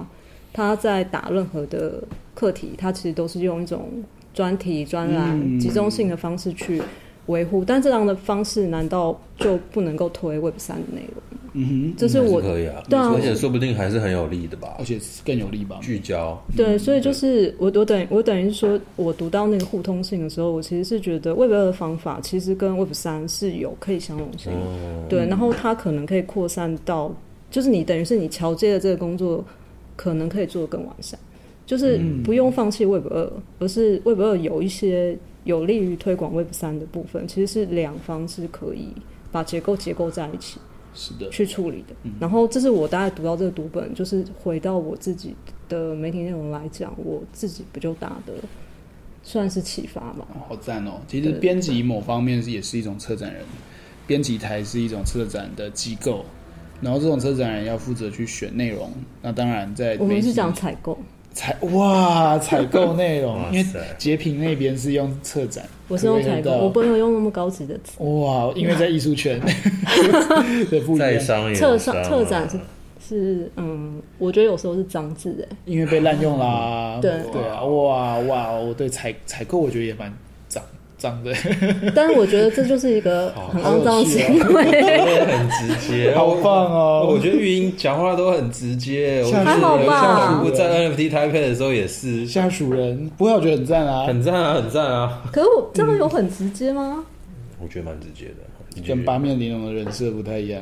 它在打任何的課題，它其實都是用一種專題專欄集中性的方式去、嗯。維護，但這樣的方式難道就不能夠推 Web 三的內容？嗯哼，這是我、嗯、是可以啊，對啊，而且說不定還是很有利的吧，而且更有利吧，聚焦。嗯、對，所以就是我對我等我等於是說我讀到那個互通性的時候，我其實是覺得 Web 二的方法其實跟 Web 三是有可以相容性的，嗯、對，然後它可能可以擴散到，就是你等於是你橋接的這個工作，可能可以做得更完善。就是不用放棄 Web 二，而是 Web 二有一些有利於推廣 Web 三的部分，其實是兩方是可以把結構結構在一起，是的，去處理的。的嗯、然後這是我大概讀到這個讀本，就是回到我自己的媒體內容來講，我自己不就打的算是啟發嘛、哦？好讚哦！其實編輯某方面也是一種策展人，嗯、編輯台是一種策展的機構，然後這種策展人要負責去選內容。那當然，在我們是講採購。採哇，採購內容， 啊、塞因為截屏那邊是用策展，我是用採購，對對我不能用那麼高級的詞。哇，因為在藝術圈， 策 商策、啊、展是，是嗯，我覺得有時候是髒字誒，因為被濫用啦。嗯、對對啊，哇哇，我對採採購，我覺得也蠻，髒的，但是我覺得這就是一個骯髒的行為、啊。 很直接，好棒哦！我，我覺得玉英講話都很直接，還好吧？下屬在 NFT 台北的時候也是下屬人，人，人，不要覺得很讚啊，啊，很讚啊，很讚啊！可是我這麼有，有很直接嗎？嗯、我覺得蠻直接的，接跟八面玲瓏的人設不太一樣。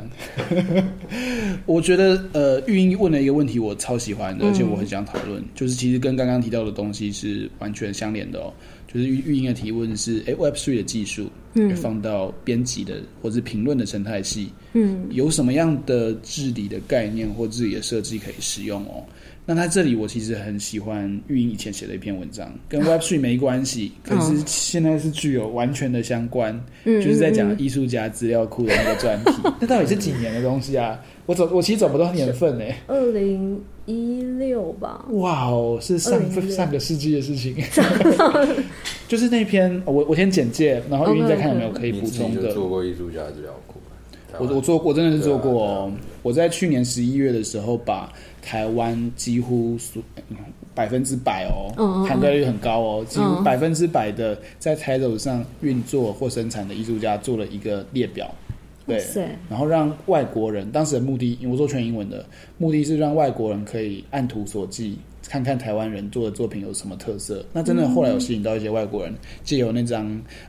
我覺得，呃，玉英問了一個問題，我超喜歡的，而且我很想討論，嗯、就是其實跟剛剛提到的東西是完全相連的哦。就是運營的提問是：誒、欸、Web Three 的技術，嗯，放到編輯的或者是評論的生態系，嗯，有什麼樣的治理的概念或治理的設計可以使用哦？那他這裡，我其實很喜歡玉音以前寫的一篇文章，跟 Web3 沒關係，可是現在是具有完全的相關，好就是在講藝術家資料庫的那個專題。嗯、 那到底是幾年的東西啊？我走，我其實找不到年份哎、欸。二零一六吧？哇，wow, 是上上個世紀的事情。 就是那篇，我我先簡介，然後玉音再看有沒有可以補充的。做過藝術家資料庫，我我做，我真的是做過哦。啊、我在去年十一月的時候把，台灣幾乎百分之百哦，覆、喔、蓋、oh, 率很高哦、喔，oh. 幾乎百分之百的在台走上運作或生產的藝術家做了一個列表，對，oh, say. 然後讓外國人，當時的目的，我做全英文的目的是讓外國人可以按圖索驥。看看台灣人做的作品有什麼特色？那真的後來有吸引到一些外國人，借由那張、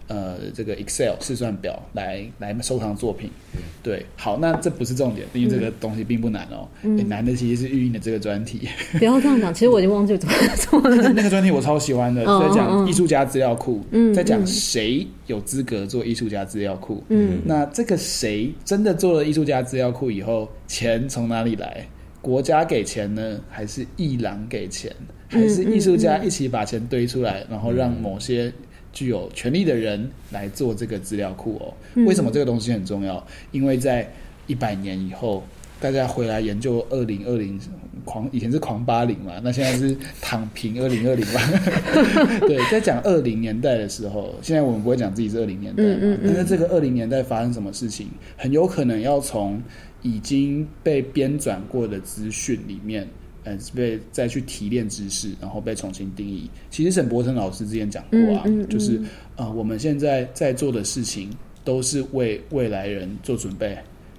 嗯、呃這個 Excel 試算表來來收藏作品。嗯、對，好，那這不是重點，因為這個東西並不難哦、喔。也、嗯欸、難的其實是運營的這個專題。不要這樣講，其實我已經忘記怎麼做了。 那個專題我超喜歡的，在講藝術家資料庫，在講誰有資格做藝術家資料庫。嗯。嗯、那這個誰真的做了藝術家資料庫以後，錢從哪裡來？國家給錢呢，還是藝廊給錢，還是藝術家一起把錢堆出來，嗯嗯嗯、然後讓某些具有權力的人來做這個資料庫？哦，嗯、為什麼這個東西很重要？因為在一百年以後，大家回來研究二零二零狂，以前是狂八零嘛，那現在是躺平二零二零嘛。 對，在講二零年代的時候，現在我們不會講自己是二零年代，嗯嗯嗯、但是這個二零年代發生什麼事情，很有可能要從。已經被編轉過的資訊裡面，嗯，被再去提煉知識，然後被重新定義。其實沈伯丞老師之前講過啊，嗯嗯嗯、就是啊、呃，我們現在在做的事情都是為未來人做準備，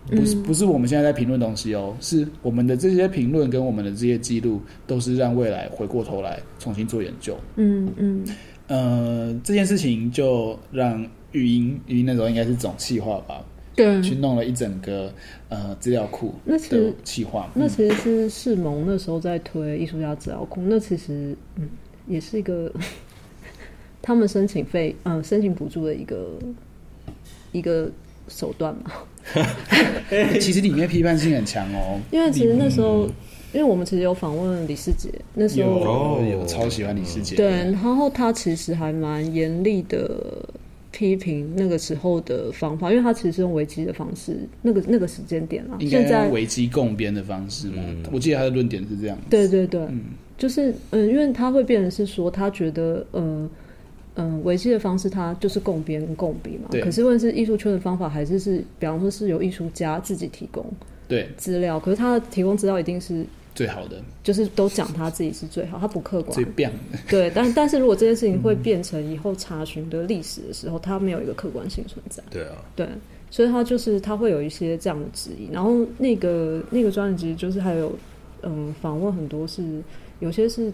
不是、嗯、不是我們現在在評論東西哦，是我們的這些評論跟我們的這些記錄，都是讓未來回過頭來重新做研究。嗯嗯，嗯呃，這件事情就讓玉音玉音，那時候應該是總企劃吧。對去弄了一整個呃資料庫，那其實企劃，嗯、那其實是世萌那時候在推藝術家資料庫，那其實嗯也是一個他們申請費嗯、呃、申請補助的一個一個手段嘛。其實裡面批判性很強哦，因為其實那時候，嗯、因為我們其實有訪問李世杰，那時候有、哦、超喜歡李世杰、嗯，對，然後他其實還蠻嚴厲的。批評那個時候的方法，因為他其實是用維基的方式，那個那個時間點啊。現在維基共編的方式嘛？嗯、我記得他的論點是這樣。對對對，嗯、就是嗯，因為他會變成是說，他覺得呃嗯，維、呃、基的方式，它就是共編共比嘛。對可是不管是藝術圈的方法，還是是比方說是由藝術家自己提供對資料，對可是他的提供資料一定是。最好的就是都講他自己是最好，他不客觀。最棒的，對，但但是如果這件事情會變成以後查詢的歷史的時候，嗯、他沒有一個客觀性存在。對啊，對，所以他就是他會有一些這樣的質疑。然後那個那個專輯就是還有嗯訪問很多是有些是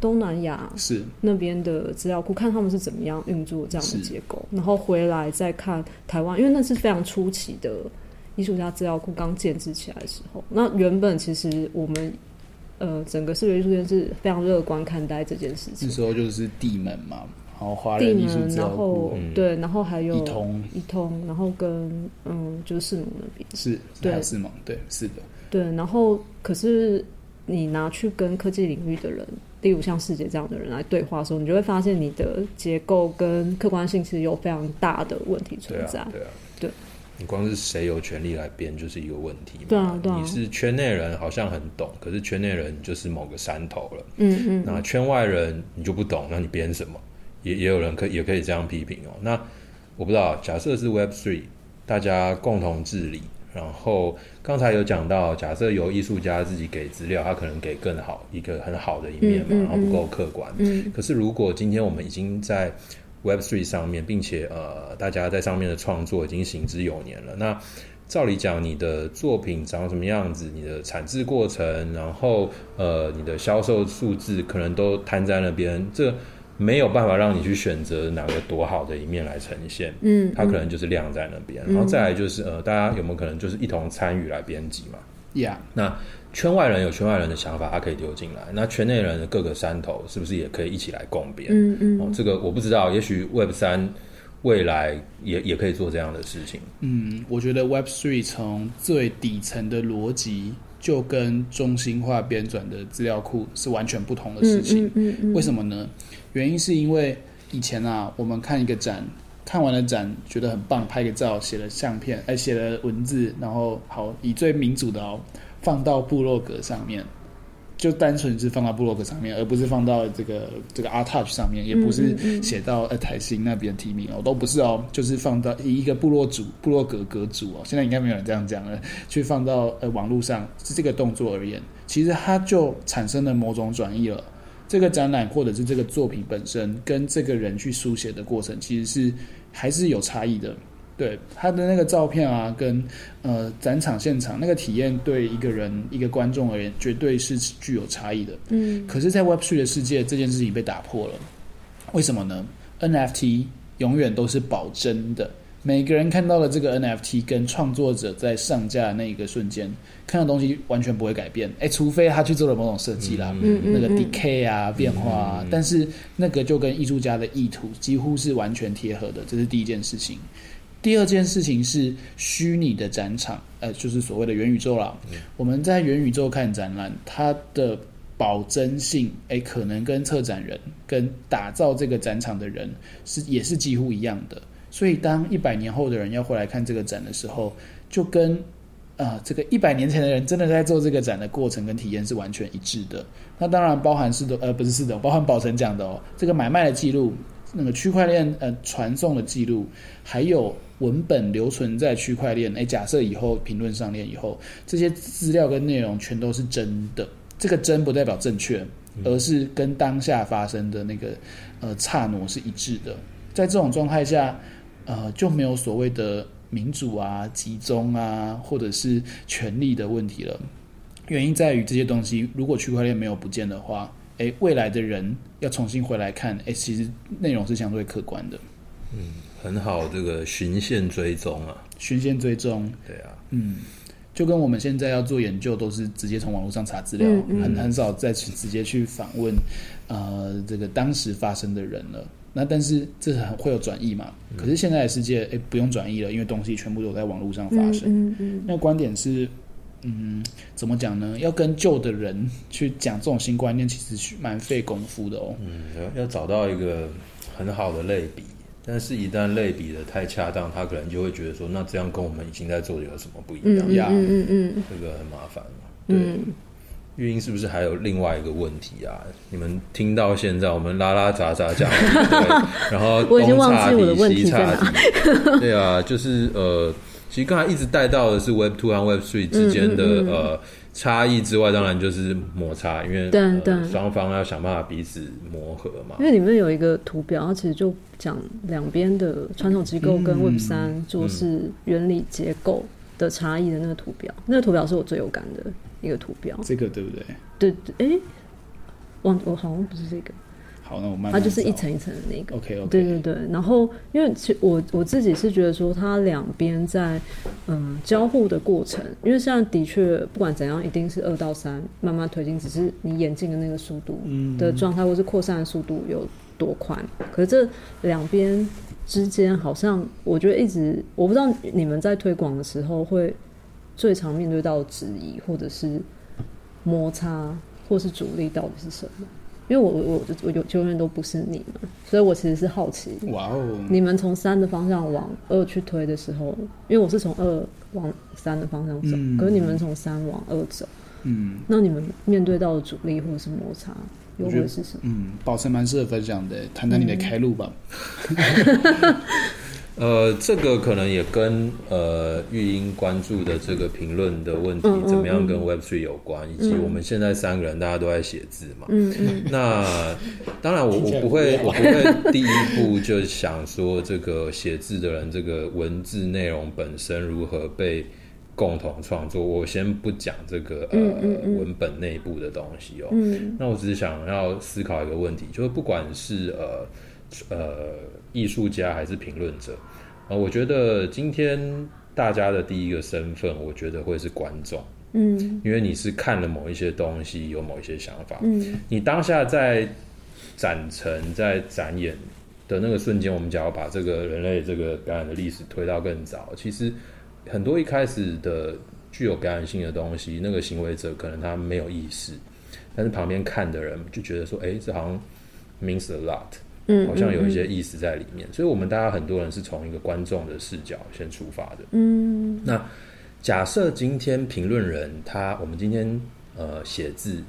東南亞是那邊的資料庫，看他們是怎麼樣運作這樣的結構，是然後回來再看台灣，因為那是非常初期的。藝術家資料庫剛建置起來的時候，那原本其實我們，呃，整個視覺藝術圈是非常樂觀看待這件事情。這時候就是地門嘛，然後華人藝術資料庫、嗯、對，然後還有一通同，一通，然後跟嗯，就是世盟的比。是對世盟，對，對，是的，對。然後，可是你拿去跟科技領域的人，例如像世界這樣的人來對話的時候，你就會發現你的結構跟客觀性其實有非常大的問題存在，對、啊對，啊、對。光是誰有權利來編就是一個問題嘛？對啊，對啊。你是圈內人，好像很懂，可是圈內人就是某個山頭了。嗯嗯。那圈外人你就不懂，那你編什麼？也也有人可也可以這樣批評哦。那我不知道，假設是 Web Three，大家共同治理。然後剛才有講到，假設由藝術家自己給資料，他可能給更好一個很好的一面嘛，然後不夠客觀。嗯。可是如果今天我們已經在。Web Three 上面，並且呃，大家在上面的創作已經行之有年了。那照理講，你的作品長什麼樣子，你的產製過程，然後呃，你的銷售數字，可能都攤在那邊。這沒有辦法讓你去選擇哪個多好的一面來呈現。嗯，它可能就是晾在那邊。嗯、然後再來就是呃，大家有沒有可能就是一同參與來編輯嘛，Yeah，那。圈外人有圈外人的想法，他可以丟進來。那圈內人的各個山頭是不是也可以一起來共編、嗯？嗯嗯、哦，這個我不知道。也許 Web 三未來也也可以做這樣的事情。嗯，我覺得 Web three 從最底層的邏輯就跟中心化編纂的資料庫是完全不同的事情。嗯，嗯，嗯，嗯。為什麼呢？原因是因為以前啊，我們看一個展，看完了展覺得很棒，拍個照，寫了相片，哎，寫了文字，然後好以最民主的、哦。放到部落格上面，就單純是放到部落格上面，而不是放到這個這個 ARTouch 上面，也不是寫到、嗯嗯、呃台新那邊提名哦，都不是哦，就是放到一個部落組部落格格主哦，現在應該沒有人這樣講了，去放到呃網絡上，是這個動作而言，其實它就產生了某種轉移了。這個展覽或者是這個作品本身，跟這個人去書寫的過程，其實是還是有差異的。對，他的那個照片啊，跟呃展場現場那個體驗，對一個人、嗯、一個觀眾而言，絕對是具有差異的。嗯，可是，在 Web Three 的世界，這件事情被打破了。為什麼呢？NFT 永遠都是保真的，每個人看到了這個 NFT 跟創作者在上架的那一個瞬間看到東西，完全不會改變。哎，除非他去做了某種設計啦，嗯嗯嗯嗯、那個 decay 啊變化啊，嗯嗯嗯、但是那個就跟藝術家的意圖幾乎是完全貼合的。這是第一件事情。第二件事情是虛擬的展場，呃，就是所謂的元宇宙了。嗯、我們在元宇宙看展覽，它的保真性，誒、欸，可能跟策展人、跟打造這個展場的人是也是幾乎一樣的。所以，當一百年後的人要回來看這個展的時候，就跟啊、呃，這個一百年前的人真的在做這個展的過程跟體驗是完全一致的。那當然包含是的，呃，不是是的，包含寶成講的哦，這個買賣的記錄，那個區塊鏈呃傳送的記錄，還有，文本留存在區塊鏈，誒，假設以後評論上鏈以後，這些資料跟內容全都是真的。這個真不代表正確，而是跟當下發生的那個呃差挪是一致的。在這種狀態下，呃，就沒有所謂的民主啊、集中啊，或者是權力的問題了。原因在於這些東西，如果區塊鏈沒有不見的話，誒，未來的人要重新回來看，誒，其實內容是相對客觀的。嗯。很好，這個循線追蹤啊，循線追蹤，對啊，嗯，就跟我們現在要做研究，都是直接從網絡上查資料，嗯嗯，很很少再去直接去訪問，呃，這個當時發生的人了。那但是這是會有轉譯嘛？嗯、可是現在的世界哎，欸，不用轉譯了，因為東西全部都在網絡上發生。嗯，嗯嗯，那觀點是，嗯，怎麼講呢？要跟舊的人去講這種新觀念，其實蠻費功夫的哦。嗯，要找到一個很好的類比。但是，一旦類比得太恰當，他可能就會覺得說，那這樣跟我們已經在做的有什麼不一樣呀、嗯？嗯嗯，嗯，這個很麻煩。對，玉音、嗯、是不是還有另外一個問題啊？你們聽到現在，我們拉拉雜雜講， 然後東差西差， 對啊，就是呃，其實剛才一直帶到的是 Web Two 和 Web Three 之間的、嗯嗯嗯、呃。差異之外，當然就是摩擦，因為雙、呃、方要想辦法彼此磨合嘛。因為裡面有一個圖表，它其實就講兩邊的傳統機構跟 Web 三就是原理結構的差異的那個圖表。嗯、那個圖表是我最有感的一個圖表，這個對不對？對，對、欸，誒，忘我好像不是這個。慢慢它就是一層一層的那個。Okay, okay. 對對對，然後因為其我我自己是覺得說它，它兩邊在嗯交互的過程，因為現在的確不管怎樣，一定是二到三慢慢推進，只是你演進的那個速度的狀態，嗯、或是擴散的速度有多快。可是這兩邊之間，好像我覺得一直我不知道你們在推廣的時候，會最常面對到質疑，或者是摩擦，或是阻力到底是什麼？因為我我我我就永遠都不是你們，所以我其實是好奇。哇哦 Wow！你們從三的方向往二去推的時候，因為我是從二往三的方向走，嗯、可是你們從三往二走，嗯，那你們面對到的阻力或者是摩擦又會是什麼？嗯，保持蠻適合分享的，談談你的開路吧。嗯 呃，這個可能也跟呃玉音關注的這個評論的問題，怎麼樣跟 Web3 有關，嗯嗯嗯、以及我們現在三個人大家都在寫字嘛，嗯嗯。嗯那當然我，我我不會，我不會第一步就想說這個寫字的人，這個文字內容本身如何被共同創作。我先不講這個呃、嗯嗯嗯、文本內部的東西哦。嗯、那我只是想要思考一個問題，就是不管是呃。呃，藝術家還是評論者？啊、呃，我覺得今天大家的第一個身份，我覺得會是觀眾。嗯，因為你是看了某一些東西，有某一些想法。嗯，你當下在展陳、在展演的那個瞬間，我們假如把這個人類這個表演的歷史推到更早，其實很多一開始的具有表演性的東西，那個行為者可能他沒有意識，但是旁邊看的人就覺得說：“哎、欸，這好像 means a lot。”嗯，好像有一些意思在裡面，嗯嗯嗯，所以，我們大家很多人是從一個觀眾的視角先出發的。嗯，那假設今天評論人他，我們今天呃寫字，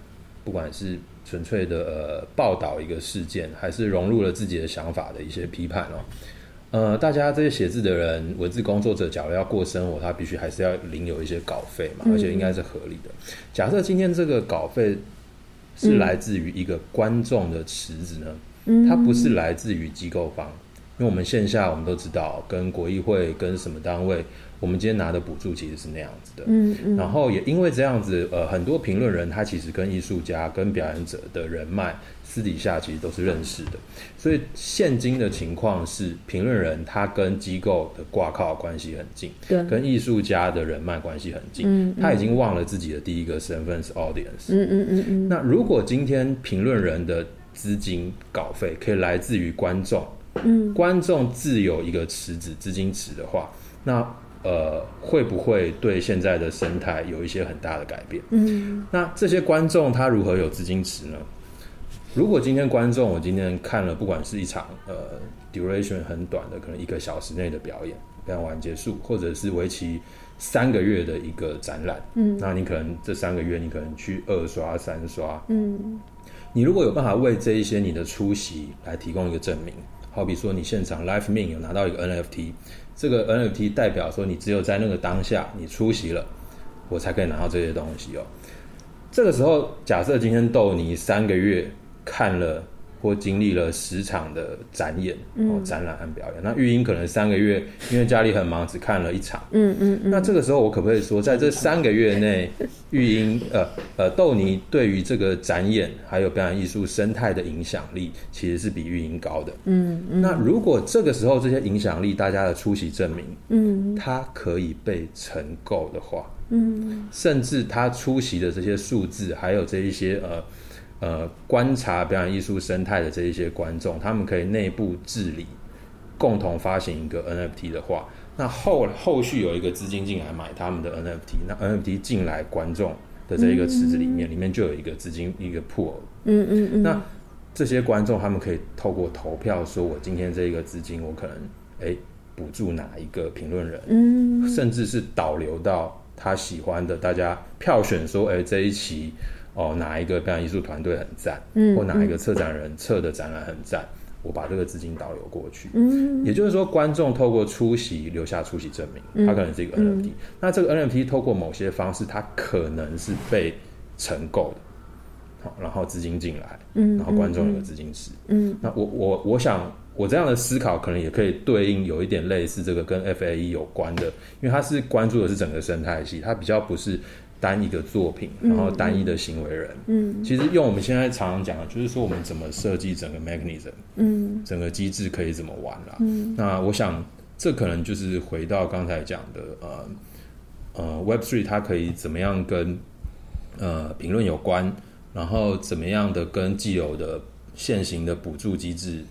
不管是純粹的呃報道一個事件，還是融入了自己的想法的一些批判哦，呃，大家這些寫字的人，文字工作者，假如要過生活，他必須還是要領有一些稿費嘛，嗯，而且應該是合理的。假設今天這個稿費是來自於一個觀眾的池子呢？嗯嗯它不是來自於機構方，因為我們線下我們都知道，跟國藝會、跟什麼單位，我們今天拿的補助其實是那樣子的。嗯嗯。然後也因為這樣子，呃，很多評論人他其實跟藝術家、跟表演者的人脈私底下其實都是認識的。所以現今的情況是，評論人他跟機構的掛靠關係很近，跟藝術家的人脈關係很近。他已經忘了自己的第一個身份是 audience。嗯嗯嗯嗯。那如果今天評論人的。資金稿費可以來自於觀眾，嗯、觀眾自有一個池子資金池的話，那呃會不會對現在的生態有一些很大的改變？嗯、那這些觀眾他如何有資金池呢？如果今天觀眾我今天看了，不管是一場呃 duration 很短的，可能一個小時內的表演完結束，或者是為期三個月的一個展覽，嗯，那你可能這三個月你可能去二刷三刷，嗯。你如果有辦法為這一些你的出席來提供一個證明，好比說你現場 live mint 有拿到一個 NFT，這個 NFT 代表說你只有在那個當下你出席了，我才可以拿到這些東西哦、喔。這個時候假設今天豆泥三個月看了。或經歷了十場的展演，哦、嗯、展覽和表演，那玉音可能三個月因為家裡很忙，只看了一場。嗯嗯，嗯嗯。那這個時候，我可不可以說，在這三個月內，玉音呃呃豆泥對於這個展演還有表演藝術生態的影響力，其實是比玉音高的。嗯，嗯，嗯那如果這個時候這些影響力，大家的出席證明，嗯他、嗯嗯、它可以被成購的話，嗯，嗯，嗯，甚至他出席的這些數字，還有這一些呃。呃，觀察表演藝術生態的這一些觀眾，他們可以內部治理，共同發行一個 NFT 的話，那後後續有一個資金進來買他們的 NFT，那 NFT 進來觀眾的這一個池子裡面，嗯嗯裡面就有一個資金一個 pool 嗯嗯嗯。那這些觀眾他們可以透過投票說，我今天這一個資金，我可能哎補、欸、助哪一個評論人，嗯嗯甚至是導流到他喜歡的，大家票選說，誒、欸、這一期。哦，哪一個表演藝術團隊很讚，或哪一個策展人策的展覽很讚，嗯嗯、我把這個資金導流過去。嗯，也就是說，觀眾透過出席留下出席證明，嗯、他可能是一個 NFT、嗯。嗯、那這個 NFT 透過某些方式，它可能是被承購的，然後資金進來，嗯，然後觀眾有個資金池，嗯，嗯那我我我想，我這樣的思考可能也可以對應有一點類似這個跟 FAE 有關的，因為他是關注的是整個生態系，他比較不是。單一的作品，然後單一的行為人，嗯，其實用我們現在常常講的，就是說我們怎麼設計整個 mechanism，嗯，整個機制可以怎麼玩啦。嗯。那我想，這可能就是回到剛才講的，呃呃，Web three 它可以怎麼樣跟呃評論有關，然後怎麼樣的跟既有的現行的補助機制。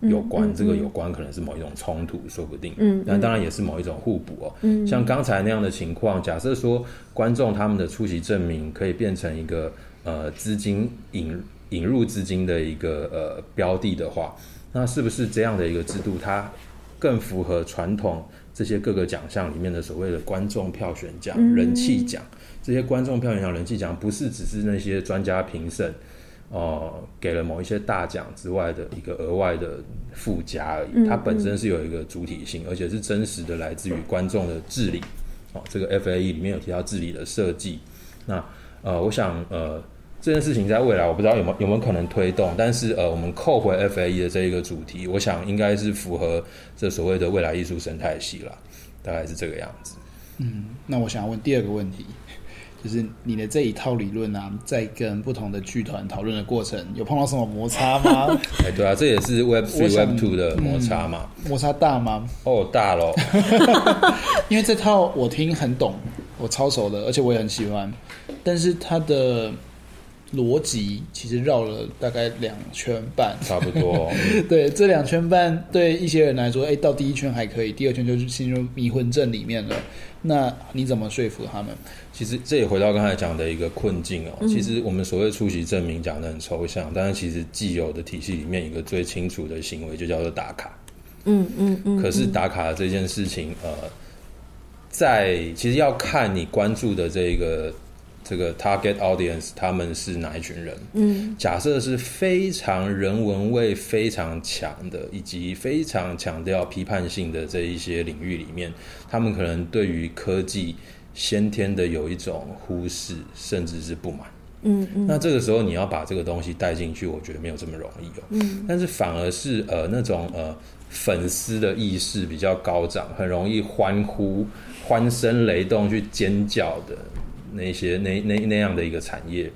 有關，這個有關可能是某一種衝突，嗯嗯、說不定。嗯，那當然也是某一種互補哦、喔嗯。嗯，像剛才那樣的情況，假設說，觀眾他們的出席證明可以變成一個呃資金引引入資金的一個呃標的的話，那是不是這樣的一個制度，它更符合傳統這些各個獎項裡面的所謂的觀眾票選獎、嗯、人氣獎？這些觀眾票選獎、人氣獎不是只是那些專家評審？呃，給了某一些大獎之外的一個額外的附加而已，嗯嗯，它本身是有一個主體性，而且是真實的來自於觀眾的治理。哦，這個 F A E 裡面有提到治理的設計。那呃，我想呃，這件事情在未來我不知道有沒有，有沒有可能推動，但是呃，我們扣回 F A E 的這一個主題，我想應該是符合這所謂的未來藝術生態系了，大概是這個樣子。嗯，那我想要問第二個問題。就是你的這一套理論啊，在跟不同的劇團討論的過程，有碰到什麼摩擦嗎？哎，對啊，這也是 Web 3，我想 Web Web Two 的摩擦嘛、嗯。摩擦大嗎？哦，oh, 大咯 因為這套我聽很懂，我超熟的，而且我也很喜歡。但是它的邏輯其實繞了大概兩圈半，差不多、哦。 對，這兩圈半對一些人來說，哎、欸，到第一圈還可以，第二圈就是進入迷魂陣裡面了。那你怎麼說服他們？其實這也回到剛才講的一個困境哦、喔。其實我們所謂出席證明講得很抽象，但是其實既有的體系裡面，一個最清楚的行為就叫做打卡。嗯嗯嗯。可是打卡這件事情，呃，在其實要看你關注的這個。這個 target audience 他們是哪一群人？嗯，假設是非常人文味非常強的，以及非常強調批判性的這一些領域裡面，他們可能對於科技先天的有一種忽視，甚至是不滿。嗯嗯。那這個時候你要把這個東西帶進去，我覺得沒有這麼容易哦喔。嗯。但是反而是呃那種呃粉絲的意識比較高漲，很容易歡呼、歡聲雷動、去尖叫的。那些那那那樣的一個產業，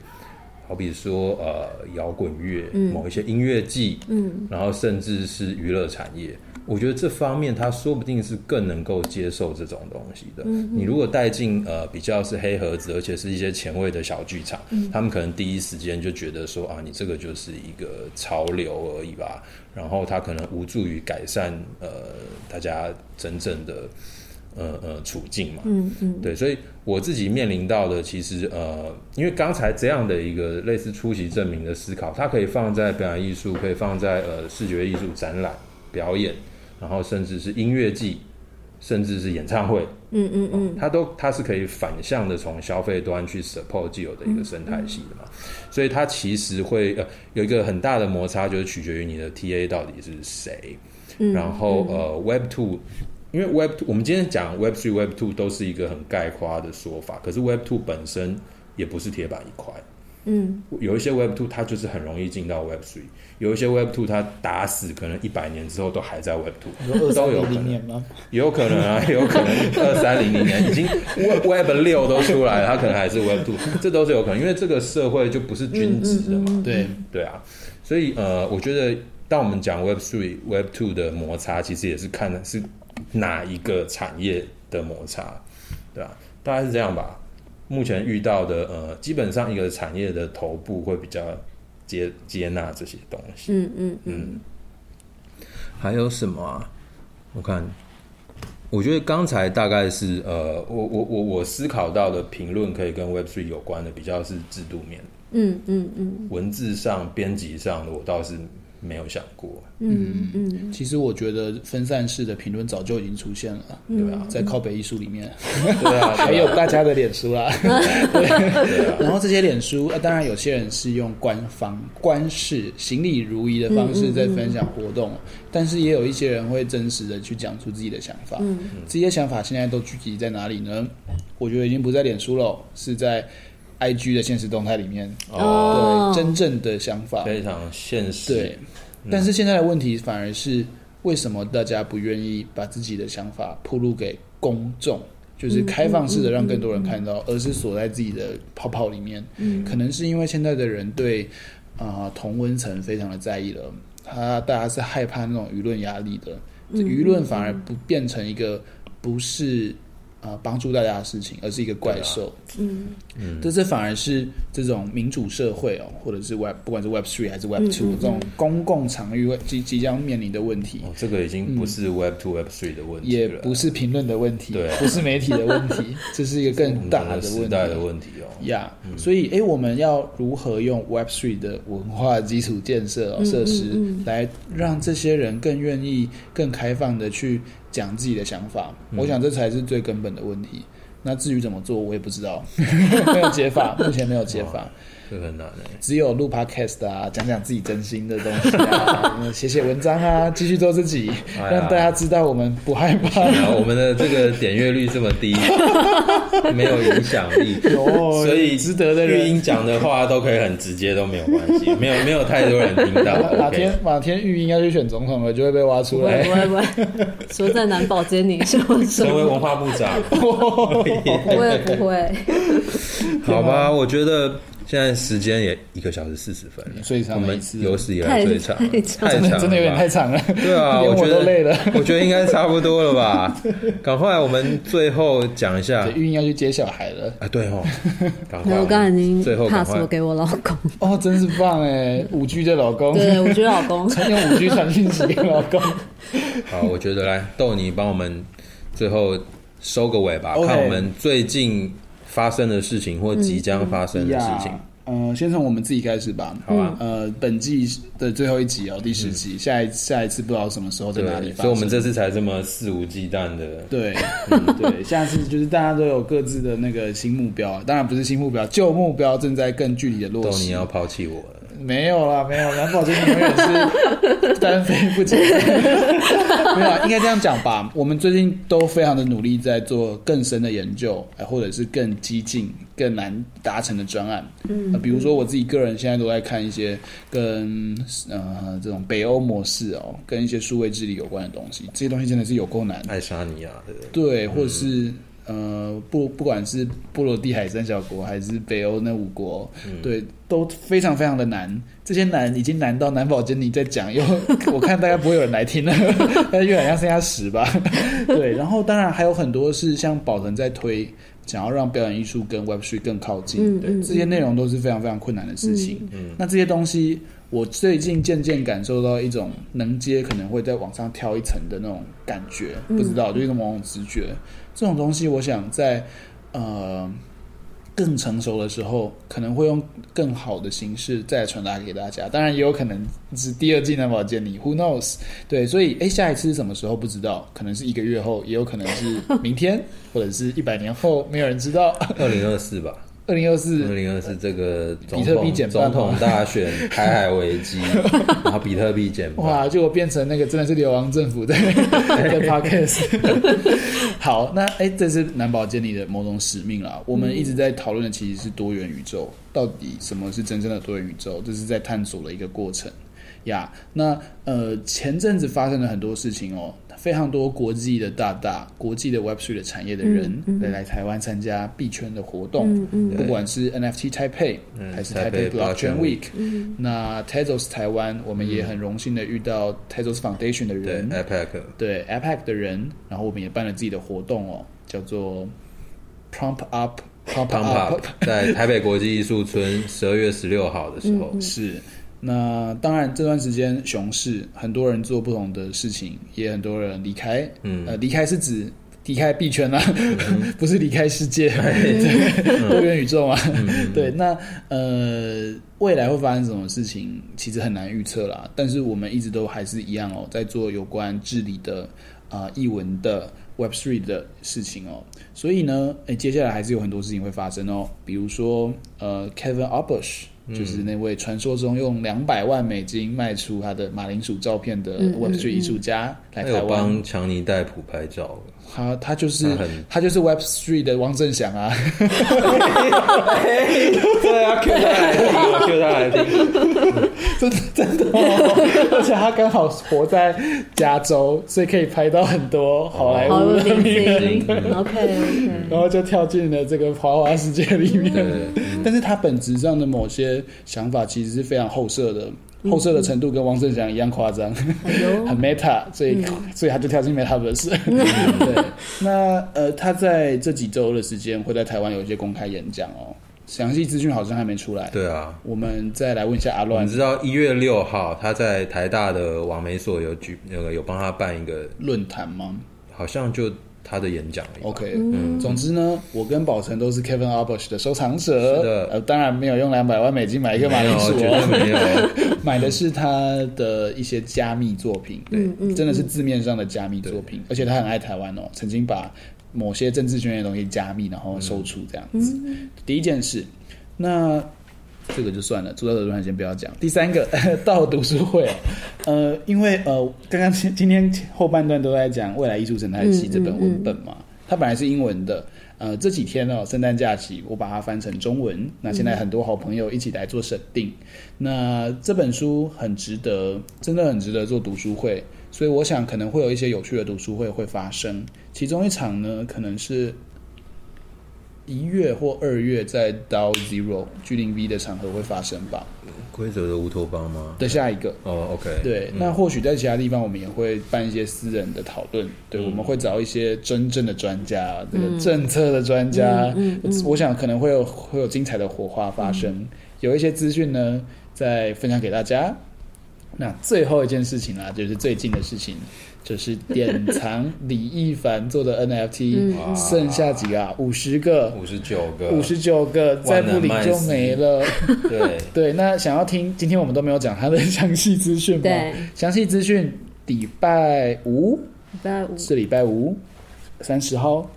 好比說呃搖滾樂，嗯、某一些音樂季，嗯，然後甚至是娛樂產業，我覺得這方面他說不定是更能夠接受這種東西的。嗯嗯、你如果帶進呃比較是黑盒子，而且是一些前衛的小劇場，嗯、他們可能第一時間就覺得說啊，你這個就是一個潮流而已吧，然後他可能無助於改善呃大家真正的。呃呃，處境嘛，嗯嗯，嗯對，所以我自己面臨到的其實呃，因為剛才這樣的一個類似出席證明的思考，它可以放在表演藝術，可以放在呃視覺藝術展覽表演，然後甚至是音樂季，甚至是演唱會，嗯嗯嗯，嗯嗯它都它是可以反向的從消費端去 support 既有的一個生態系的嘛，嗯嗯、所以它其實會呃有一個很大的摩擦，就是取決於你的 TA 到底是誰，嗯、然後、嗯、呃 Web Two。因為 Web Two，我們今天講 Web Three、Web Two 都是一個很概括的說法。可是 Web Two 本身也不是鐵板一塊。嗯，有一些 Web Two 它就是很容易進到 Web Three，有一些 Web Two 它打死可能一百年之後都還在 Web Two，都有可能，有可能啊，有可能二三零零年已經 Web 6都出來了，它可能還是 Web Two，這都是有可能。因為這個社會就不是均值的嘛，對對啊。所以呃，我覺得當我們講 Web Three、Web Two 的摩擦，其實也是看的是。哪一個產業的摩擦，對啊，大概是這樣吧。目前遇到的呃，基本上一個產業的頭部會比較接接納這些東西。嗯嗯嗯。嗯嗯嗯，還有什麼啊？我看，我覺得剛才大概是呃，我我我我思考到的評論，可以跟 Web Three 有關的，比較是制度面。嗯嗯嗯。嗯嗯文字上、編輯上的，我倒是，沒有想過，嗯嗯，嗯其實我覺得分散式的評論早就已經出現了，對吧，嗯？在靠北藝術裡面，對啊，嗯，還有大家的臉書啦、 嗯對，然後這些臉書，當然有些人是用官方、官式、行禮如儀的方式在分享活動，嗯嗯嗯，但是也有一些人會真實的去講出自己的想法。嗯、這些想法現在都聚集在哪裡呢？我覺得已經不在臉書了，是在 IG 的現實動態裡面。哦，對，真正的想法非常現實。對。但是現在的問題反而是為什麼大家不願意把自己的想法披露給公眾，就是開放式的讓更多人看到，而是鎖在自己的泡泡裡面？嗯，可能是因為現在的人對啊、呃、同溫層非常的在意了，他大家是害怕那種輿論壓力的，這輿論反而不變成一個不是。幫、啊、助大家的事情，而是一個怪獸、啊。嗯嗯，這這反而是這種民主社會哦，或者是 Web，不管是 Web Three 還是 Web Two、嗯嗯嗯、這種公共場域即即將面臨的問題、哦。這個已經不是 Web Two,、嗯、Web Two Web Three 的問題，也不是評論的問題，對，不是媒體的問題， 這是一個更大的問題，是一個更大的時代的問題哦。Yeah,、嗯、所以哎、欸，我們要如何用 Web Three 的文化基礎建設設、哦嗯嗯嗯、施，來讓這些人更願意、更開放的去。講自己的想法，我想這才是最根本的問題。嗯、那至於怎麼做，我也不知道， 沒有解法， 目前沒有解法。哦這很難欸，只有錄 Podcast 啊，講講自己真心的東西啊，寫寫文章啊，繼續做自己，讓大家知道我們不害怕。我們的這個點閱率這麼低，沒有影響力，所以值得的。玉音講的話都可以很直接，都沒有關係，沒有沒有太多人聽到。哪天哪天，玉音要去選總統了，就會被挖出來，不會不會。說在難寶堅尼，你說成為文化部長，我也不會。好吧，我覺得。現在時間也一個小時四十分了，所以我們有史以來最長，太長，真的有點太長了。對啊，我覺得累了，我覺得應該差不多了吧。趕快，我們最後講一下，玉音要去接小孩了啊。對哦，我剛才已經發什麼給我老公？哦，真是棒哎，五 G 的老公，對五 G 老公，才用五 G 傳信息給老公。好，我覺得來逗你幫我們最後收個尾吧，看我們最近。發生的事情或即將發生的事情，嗯嗯，呃、先從我們自己開始吧，好吧、啊？呃，本季的最後一集哦，第十集，嗯、下一下一次不知道什麼時候在哪裡發生，發。所以我們這次才這麼肆無忌憚的，對， 對、嗯，對，下次就是大家都有各自的那個新目標，當然不是新目標，舊目標正在更具體的落實，你要拋棄我了。沒有啦，沒有，難寶堅尼永遠是單飛不解。 沒有，應該這樣講吧。我們最近都非常的努力，在做更深的研究，或者是更激進、更難達成的專案。嗯、呃，比如說我自己個人現在都在看一些跟呃這種北歐模式哦，跟一些數位治理有關的東西。這些東西真的是有夠難。愛沙尼亞的對，或者是。嗯呃，不，不管是波羅的海三小國，還是北歐那五國，嗯、對，都非常非常的難。這些難已經難到難寶堅尼在講，又，我看大概不會有人來聽了， 但越南剩下十吧。對，然後當然還有很多是像寶騰在推，想要讓表演藝術跟 Web3 更靠近，嗯、對，這些內容都是非常非常困難的事情。嗯嗯、那這些東西。我最近漸漸感受到一種能接可能會再往上跳一層的那種感覺，嗯、不知道就是某種直覺。這種東西，我想在呃更成熟的時候，可能會用更好的形式再傳達給大家。當然，也有可能是第二季難寶堅尼，你 who knows？對，所以哎、欸，下一次是什麼時候？不知道，可能是一個月後，也有可能是明天， 或者是一百年後，沒有人知道。二零二四吧。二零二四，二零二四這個比特幣減半總統大選，台 海危機，然後比特幣減半， 哇，結果變成那個真的是流亡政府的。 對 在 Pod 好，那哎、欸，這是難寶堅尼的某種使命啦。嗯、我們一直在討論的其實是多元宇宙，到底什麼是真正的多元宇宙？這是在探索的一個過程呀。Yeah, 那呃，前陣子發生了很多事情哦。非常多國際的大大、國際的 Web3 的產業的人、嗯嗯、來來臺灣參加幣圈的活動，嗯嗯、不管是 NFT Taipei、嗯、還是台北 Blockchain Week，那 Tezos 台灣，我們也很榮幸的遇到 Tezos Foundation 的人，嗯、對，IPAC，對、IPAC 的人，然後我們也辦了自己的活動哦，叫做 Pump Up, Pump Up Pump Up，在台北國際藝術村十二月十六號的時候、嗯嗯、是。那當然，這段時間熊市，很多人做不同的事情，也很多人離開。嗯，離、呃、開是指離開幣圈啦、啊，嗯、哼 不是離開世界，多元宇宙啊。嗯、哼 對，那呃，未來會發生什麼事情，其實很難預測啦。但是我們一直都還是一樣哦、喔，在做有關治理的啊，藝、呃、文的 Web Three 的事情哦、喔。所以呢、欸，接下來還是有很多事情會發生哦、喔，比如說呃，Kevin Abosch 就是那位傳說中用兩百萬美金賣出他的馬鈴薯照片的 Web3 藝術家來台灣，幫強尼戴普拍照。他他就是他就是 Web3 的汪正祥啊，對啊，Q 上來聽，Q 上來聽，真的真的，而且他剛好活在加州，所以可以拍到很多好萊塢的明星，OK，然後就跳進了這個花花世界裡面。但是他本質上的某些想法其實是非常後設的。後設的程度跟王正祥一樣誇張，mm hmm. 很 meta，所以、mm hmm. 所以他就跳進 metaverse、mm hmm. 那呃，他在這幾週的時間會在台灣有一些公開演講哦，詳細資訊好像還沒出來。對啊，我們再來問一下阿亂。你知道一月六號他在台大的網媒所有舉那個有幫他辦一個論壇嗎？好像就。他的演講。OK，嗯，總之呢，我跟寶成都是 Kevin Abosch 的收藏者的、呃。當然沒有用兩百萬美金買一個馬鈴薯，沒有，買的是他的一些加密作品。 對，對真的是字面上的加密作品。對而且他很愛台灣哦，曾經把某些政治圈的東西加密然後售出這樣子。嗯、第一件事，那。這個就算了，做到這段先不要講。第三個到讀書會，呃，因為呃，剛剛今今天後半段都在講《未來藝術生態系》這本文本嘛，嗯嗯嗯、它本來是英文的，呃，這幾天呢、哦，聖誕假期我把它翻成中文，那現在很多好朋友一起來做審定，嗯、那這本書很值得，真的很值得做讀書會，所以我想可能會有一些有趣的讀書會會發生，其中一場呢，可能是。一月或二月在到 zero g0v 的場合會發生吧？規則的烏托邦嗎？對，下一個哦、oh，OK，對，嗯、那或許在其他地方我們也會辦一些私人的討論，嗯、對，我們會找一些真正的專家，嗯、這個政策的專家，嗯、我想可能會有會有精彩的火花發生，嗯、有一些資訊呢再分享給大家。那最後一件事情啦、啊，就是最近的事情。就是典藏李亦凡做的 NFT，剩下幾個？五十個，五十九個，五十九個，再不理就沒了。對對，那想要聽，今天我們都沒有講他的詳細資訊吧？詳細資訊，禮拜五，禮拜五，是禮拜五，三十號。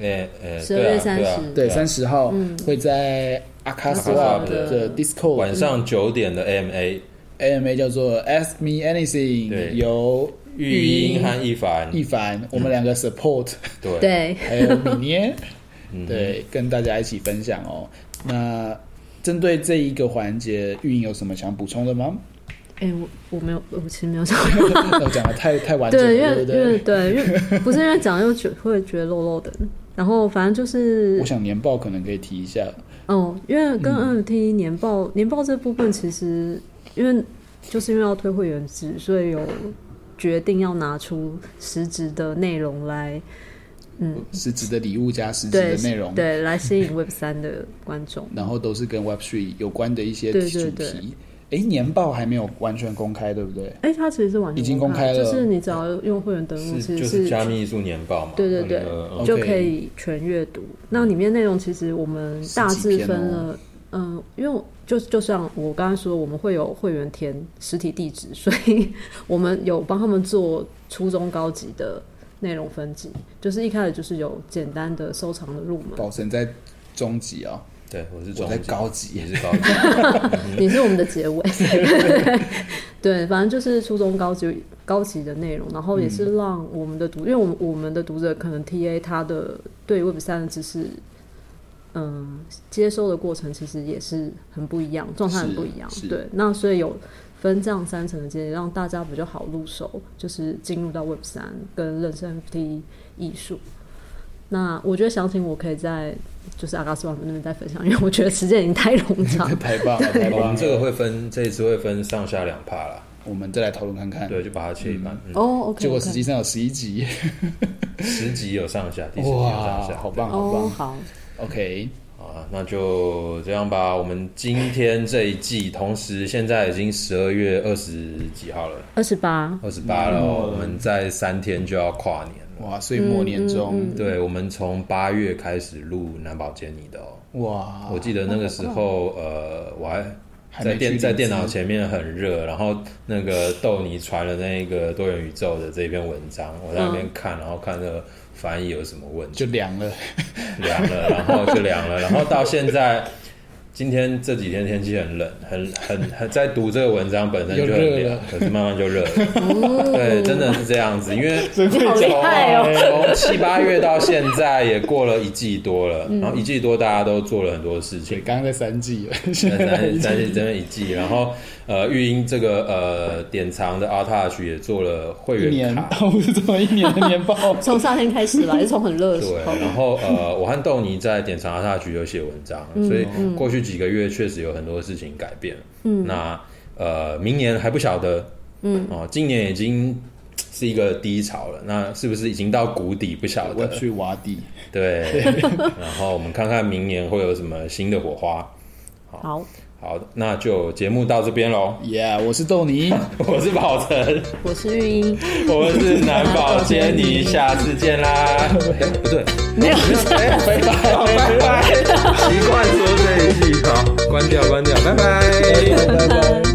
誒十二月三十，對，三十號會在 akaSwap 的 Discord 晚上九點的 AMA，AMA 叫做 Ask Me Anything，由。玉音和一凡，一、嗯、凡，我們兩個 support，對，還有米妮，對，嗯、哼對，跟大家一起分享哦。那針對這一個環節，玉音有什麼想補充的嗎？哎、欸，我我沒有，我其實沒有講，講的、 呃、太太完整，對，因為因為 對，因為不是因為講又覺會覺得漏漏的。然後反正就是，我想年報可能可以提一下。哦，因為跟 NFT 年報、嗯、年報這部分，其實因為就是因為要推會員制，所以有。決定要拿出實質的內容來，嗯，實質的禮物加實質的內容，對，對，來吸引 Web 三的觀眾。 然後都是跟 Web Three 有關的一些主題。哎、欸，年報還沒有完全公開，對不對？哎、欸，它其實是完全已經公開了，就是你只要用會員登錄，其實是，就是加密藝術年報嘛，嗯、對對對，嗯、就可以全閱讀。okay 那裡面內容其實我們大致分了，嗯、哦呃，因為我。就就像我剛剛說，我們會有會員填實體地址，所以我們有幫他們做初中高級的內容分級。就是一開始就是有簡單的收藏的入門，保存在中級啊。對，我是我在高級也是高級， 你是我們的結尾。 對，反正就是初中高級高級的內容，然後也是讓我們的讀，嗯、因為我們我們的讀者可能 T A 他的對 Web3 的知識。嗯，接收的過程其實也是很不一樣，狀態很不一樣。對，那所以有分這樣三層的階，讓大家比較好入手，就是進入到 Web 三跟認識 NFT 藝術。那我覺得詳情我可以在就是阿卡斯瓦姆那邊再分享，因為我覺得時間已經太冗長，太棒了！對太棒了！我們這個會分這一次會分上下兩趴了，啦我們再來討論看看。對，就把它切一半。嗯、哦 okay，OK。結果實際上有十一集，十 集有上下，第十集有上下，哇對好棒，好棒，oh, 好。OK，好、啊，那就這樣吧。我們今天這一季，同時現在已經十二月二十幾號了，二十八，二十八了。嗯、我們再三天就要跨年了，哇！所以歲末年終，嗯嗯嗯、對，我們從八月開始錄難寶堅尼的哦、喔，哇！我記得那個時候，好好喔、呃，我還在電還在電腦前面很熱，然後那個豆泥傳了那個多元宇宙的這一篇文章，嗯、我在那邊看，然後看那翻譯有什麼問題？就涼了，涼 了，然後就涼了，然後到現在， 今天這幾天天氣很冷，很很很在讀這個文章本身就很涼，熱可是慢慢就熱了。 嗯、對，真的是這樣子，因為從從、喔、七八月到現在也過了一季多了，然後一季多大家都做了很多事情，剛、嗯、在三季了，三三季真的，一季，然後。呃，玉音這個呃，典、嗯、藏的 ARTouch 也做了會員卡，不、哦、是這麼一年的年報，從夏 天開始吧，也從 很熱。對，然後呃，我和豆泥在典藏 ARTouch 有寫文章，嗯、所以過去幾個月確實有很多事情改變。嗯，那呃，明年還不曉得。嗯，哦，今年已經是一個低潮了，那是不是已經到谷底不曉得？我去挖地。對，然後我們看看明年會有什麼新的火花。哦、好。好的，那就節目到這邊嘍。耶，yeah, 我是豆泥， 我是寶成，我是玉音， 我們是難寶堅尼， 你下次見啦。哎、 欸，不對， 沒有、 欸，拜拜， 哦、拜拜，習慣 說這一句好，關掉，關掉，拜拜。